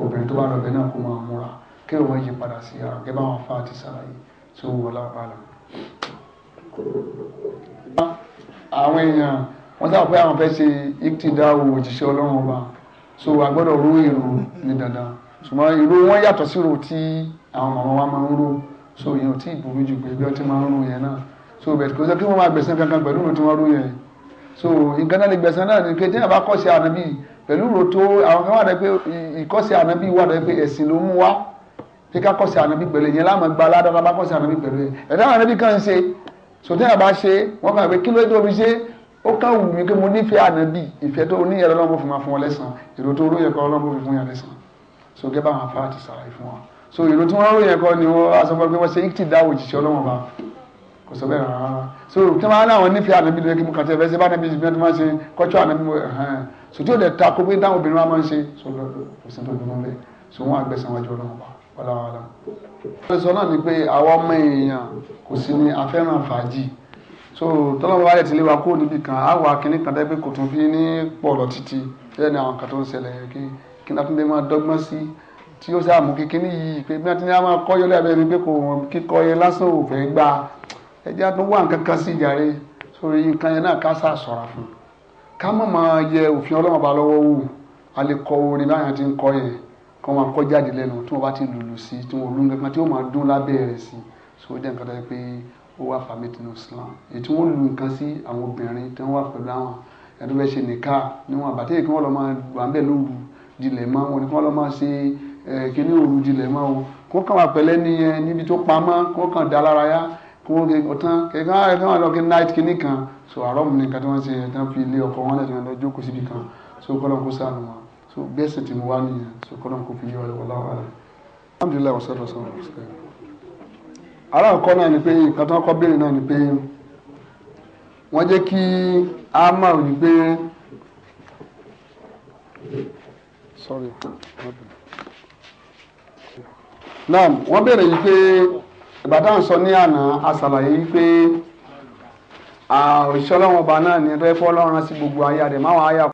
obìnrin tó bá lọ bẹ̀ náà kó máa múra kí wọ́n yí padà sí ara kí báwọn afá ti ṣàlàyé tó wọ́n lápá lọ àwọn èèyàn wọ́n sábà pé àwọn fẹ́ ṣe ìtìdáwò òjíṣẹ́ ọlọ́run ọba so a gbọ́dọ̀ ró èrò ní dandan ṣùgbọ́n ìró wọn yàtọ̀ sí ro tí àwọn màmá wa máa ń ró so ìyẹn ò tí ì burú jù pé bí wọ́n ti máa ń ró yẹn náà so bẹ̀rẹ̀ kò sọ kí wọ́n máa gbẹ̀sán kankan pẹ̀lú ro tí wọ́n ró yẹn so nǹkan náà lè gbẹ̀sán náà ni pé tí yàrá bá kọ́ sí ànábì pẹ̀lú ro tó àwọn kan wà dẹ́ pé ìkọ́sí ànábì wà dẹ́ pé ẹ̀sìn ló mú wá pé ká kọ́sí ànábì sòtẹ́ àbá ṣe wọ́n kàn pé kí ló dé omi ṣe ó kàn wù mí pé mo nífẹ̀ẹ́ ànábì ìfẹ́ tó ní ẹ̀rọ lọ́mọ fún wa fún wọn lẹ́sàn èrò tó róyìn kan lọ́mọ fún yàn lẹ́sàn so gẹ́gẹ́ bá wọn fa àti sàlàyé fún wa so èrò tí wọ́n róyìn kan ni wọ́n aṣọ pé wọ́n ṣe ikiti dáwọ̀ òjìṣẹ́ ọlọ́wọ́n bá kò sọ bẹ́ẹ̀ rárá so tí wọ́n á láwọn nífẹ̀ẹ́ ànábì lóye kí mo kàn tẹ́ fẹ́ ṣe bá ànábì ṣe bí wọ́n ṣe kọ́ṣọ́ ànábì so tí ó dẹ̀ ta kó pé dáhùn obìnrin wa máa ń ṣe so kò sí tó dùn mọ́ bẹ́ẹ̀ so wọ́n àgbẹ̀sán wájú ọlọ́wọ́n bá ọ̀làwàlà. ìfẹsọ̀ náà ni pé àwa ọmọ èèyàn kò sí ní afẹ́ràn fàájì so tọ́lọ́mọ bá yẹ ti lé wa kó níbi kan á wà kíní kan dẹ́gbẹ́ kò tún fi ní pọ̀lọ̀ títí bẹ́ẹ̀ ni àwọn kan tó ń ṣẹlẹ̀ kí kí n àtúndé máa dọ́gbọ́n sí tí ó sáà mú kíkíní yìí pé bí wọ́n ti ní a máa kọ́ yọlé abẹ́rẹ́ pé kò wọ́n kíkọ́ yẹn lásán ò fẹ́ gbà ẹjẹ́ àtún wà nǹkan kan sí ìjà rẹ̀ sórí nǹkan yẹn náà ká sà sọ̀ra fún un ká má máa yẹ òfin ọlọ́mọba lọ́wọ́ wò a lè kọ orin láyàn ti ń kọ yẹn kọ́ máa kọ́ jáde lẹ́nu tí wọ́n bá ti lùlù sí tí wọ́n lù nǹkan tí ó máa dún lábẹ́ rẹ̀ sí so ó jẹ́ nǹkan tó yẹ pé ó wà fàmìtì ní Islam èyí tí wọ́n lù nǹkan sí àwọn obìnrin tí wọ́n wà pẹ̀lú àwọn ẹni tó fẹ́ ṣe nìka níwọ̀n àbàtì èyí kí wọ́n lọ máa wà ń bẹ̀ lóru dilẹ̀ mọ́ wọn ni kí wọ́n lọ máa ṣe kíní òru dilẹ̀ mọ́ wọn kó kàn wà pẹ̀lẹ́ nìyẹn níbi tó pamọ́ kó kàn dá lára yá kó ọ̀tán kẹ̀kẹ́ wọn lọ kí náìtì kíní kan so àrọ́ mi ni nǹkan tí wọ́n ṣe tán fi ilé ọkọ̀ wọn lẹ́sìn lọ jókòó síbi kan so kọ́ lọ́n kó sáà wọn so bí ẹ̀sìn ti mú wá nìyẹn so kọ́nà kò fi yí wáyé wọlá wàhálà alhamdulilayi wa sọ́dọ̀ sọ́dọ̀ sọ́dọ̀ ara ọ̀kọ́ náà ni pé nǹkan tó ń kọ́ béèrè náà ni pé wọ́n jẹ́ kí a máa rí pé sorry naam wọ́n béèrè yìí pé ìbátan sọ ní àná àṣàlàyé yìí pé òṣìṣẹ́ ọlọ́run ọba náà ni rẹ́pọ́ ọlọ́run sí gbogbo ayé rẹ̀ máwọn ayé.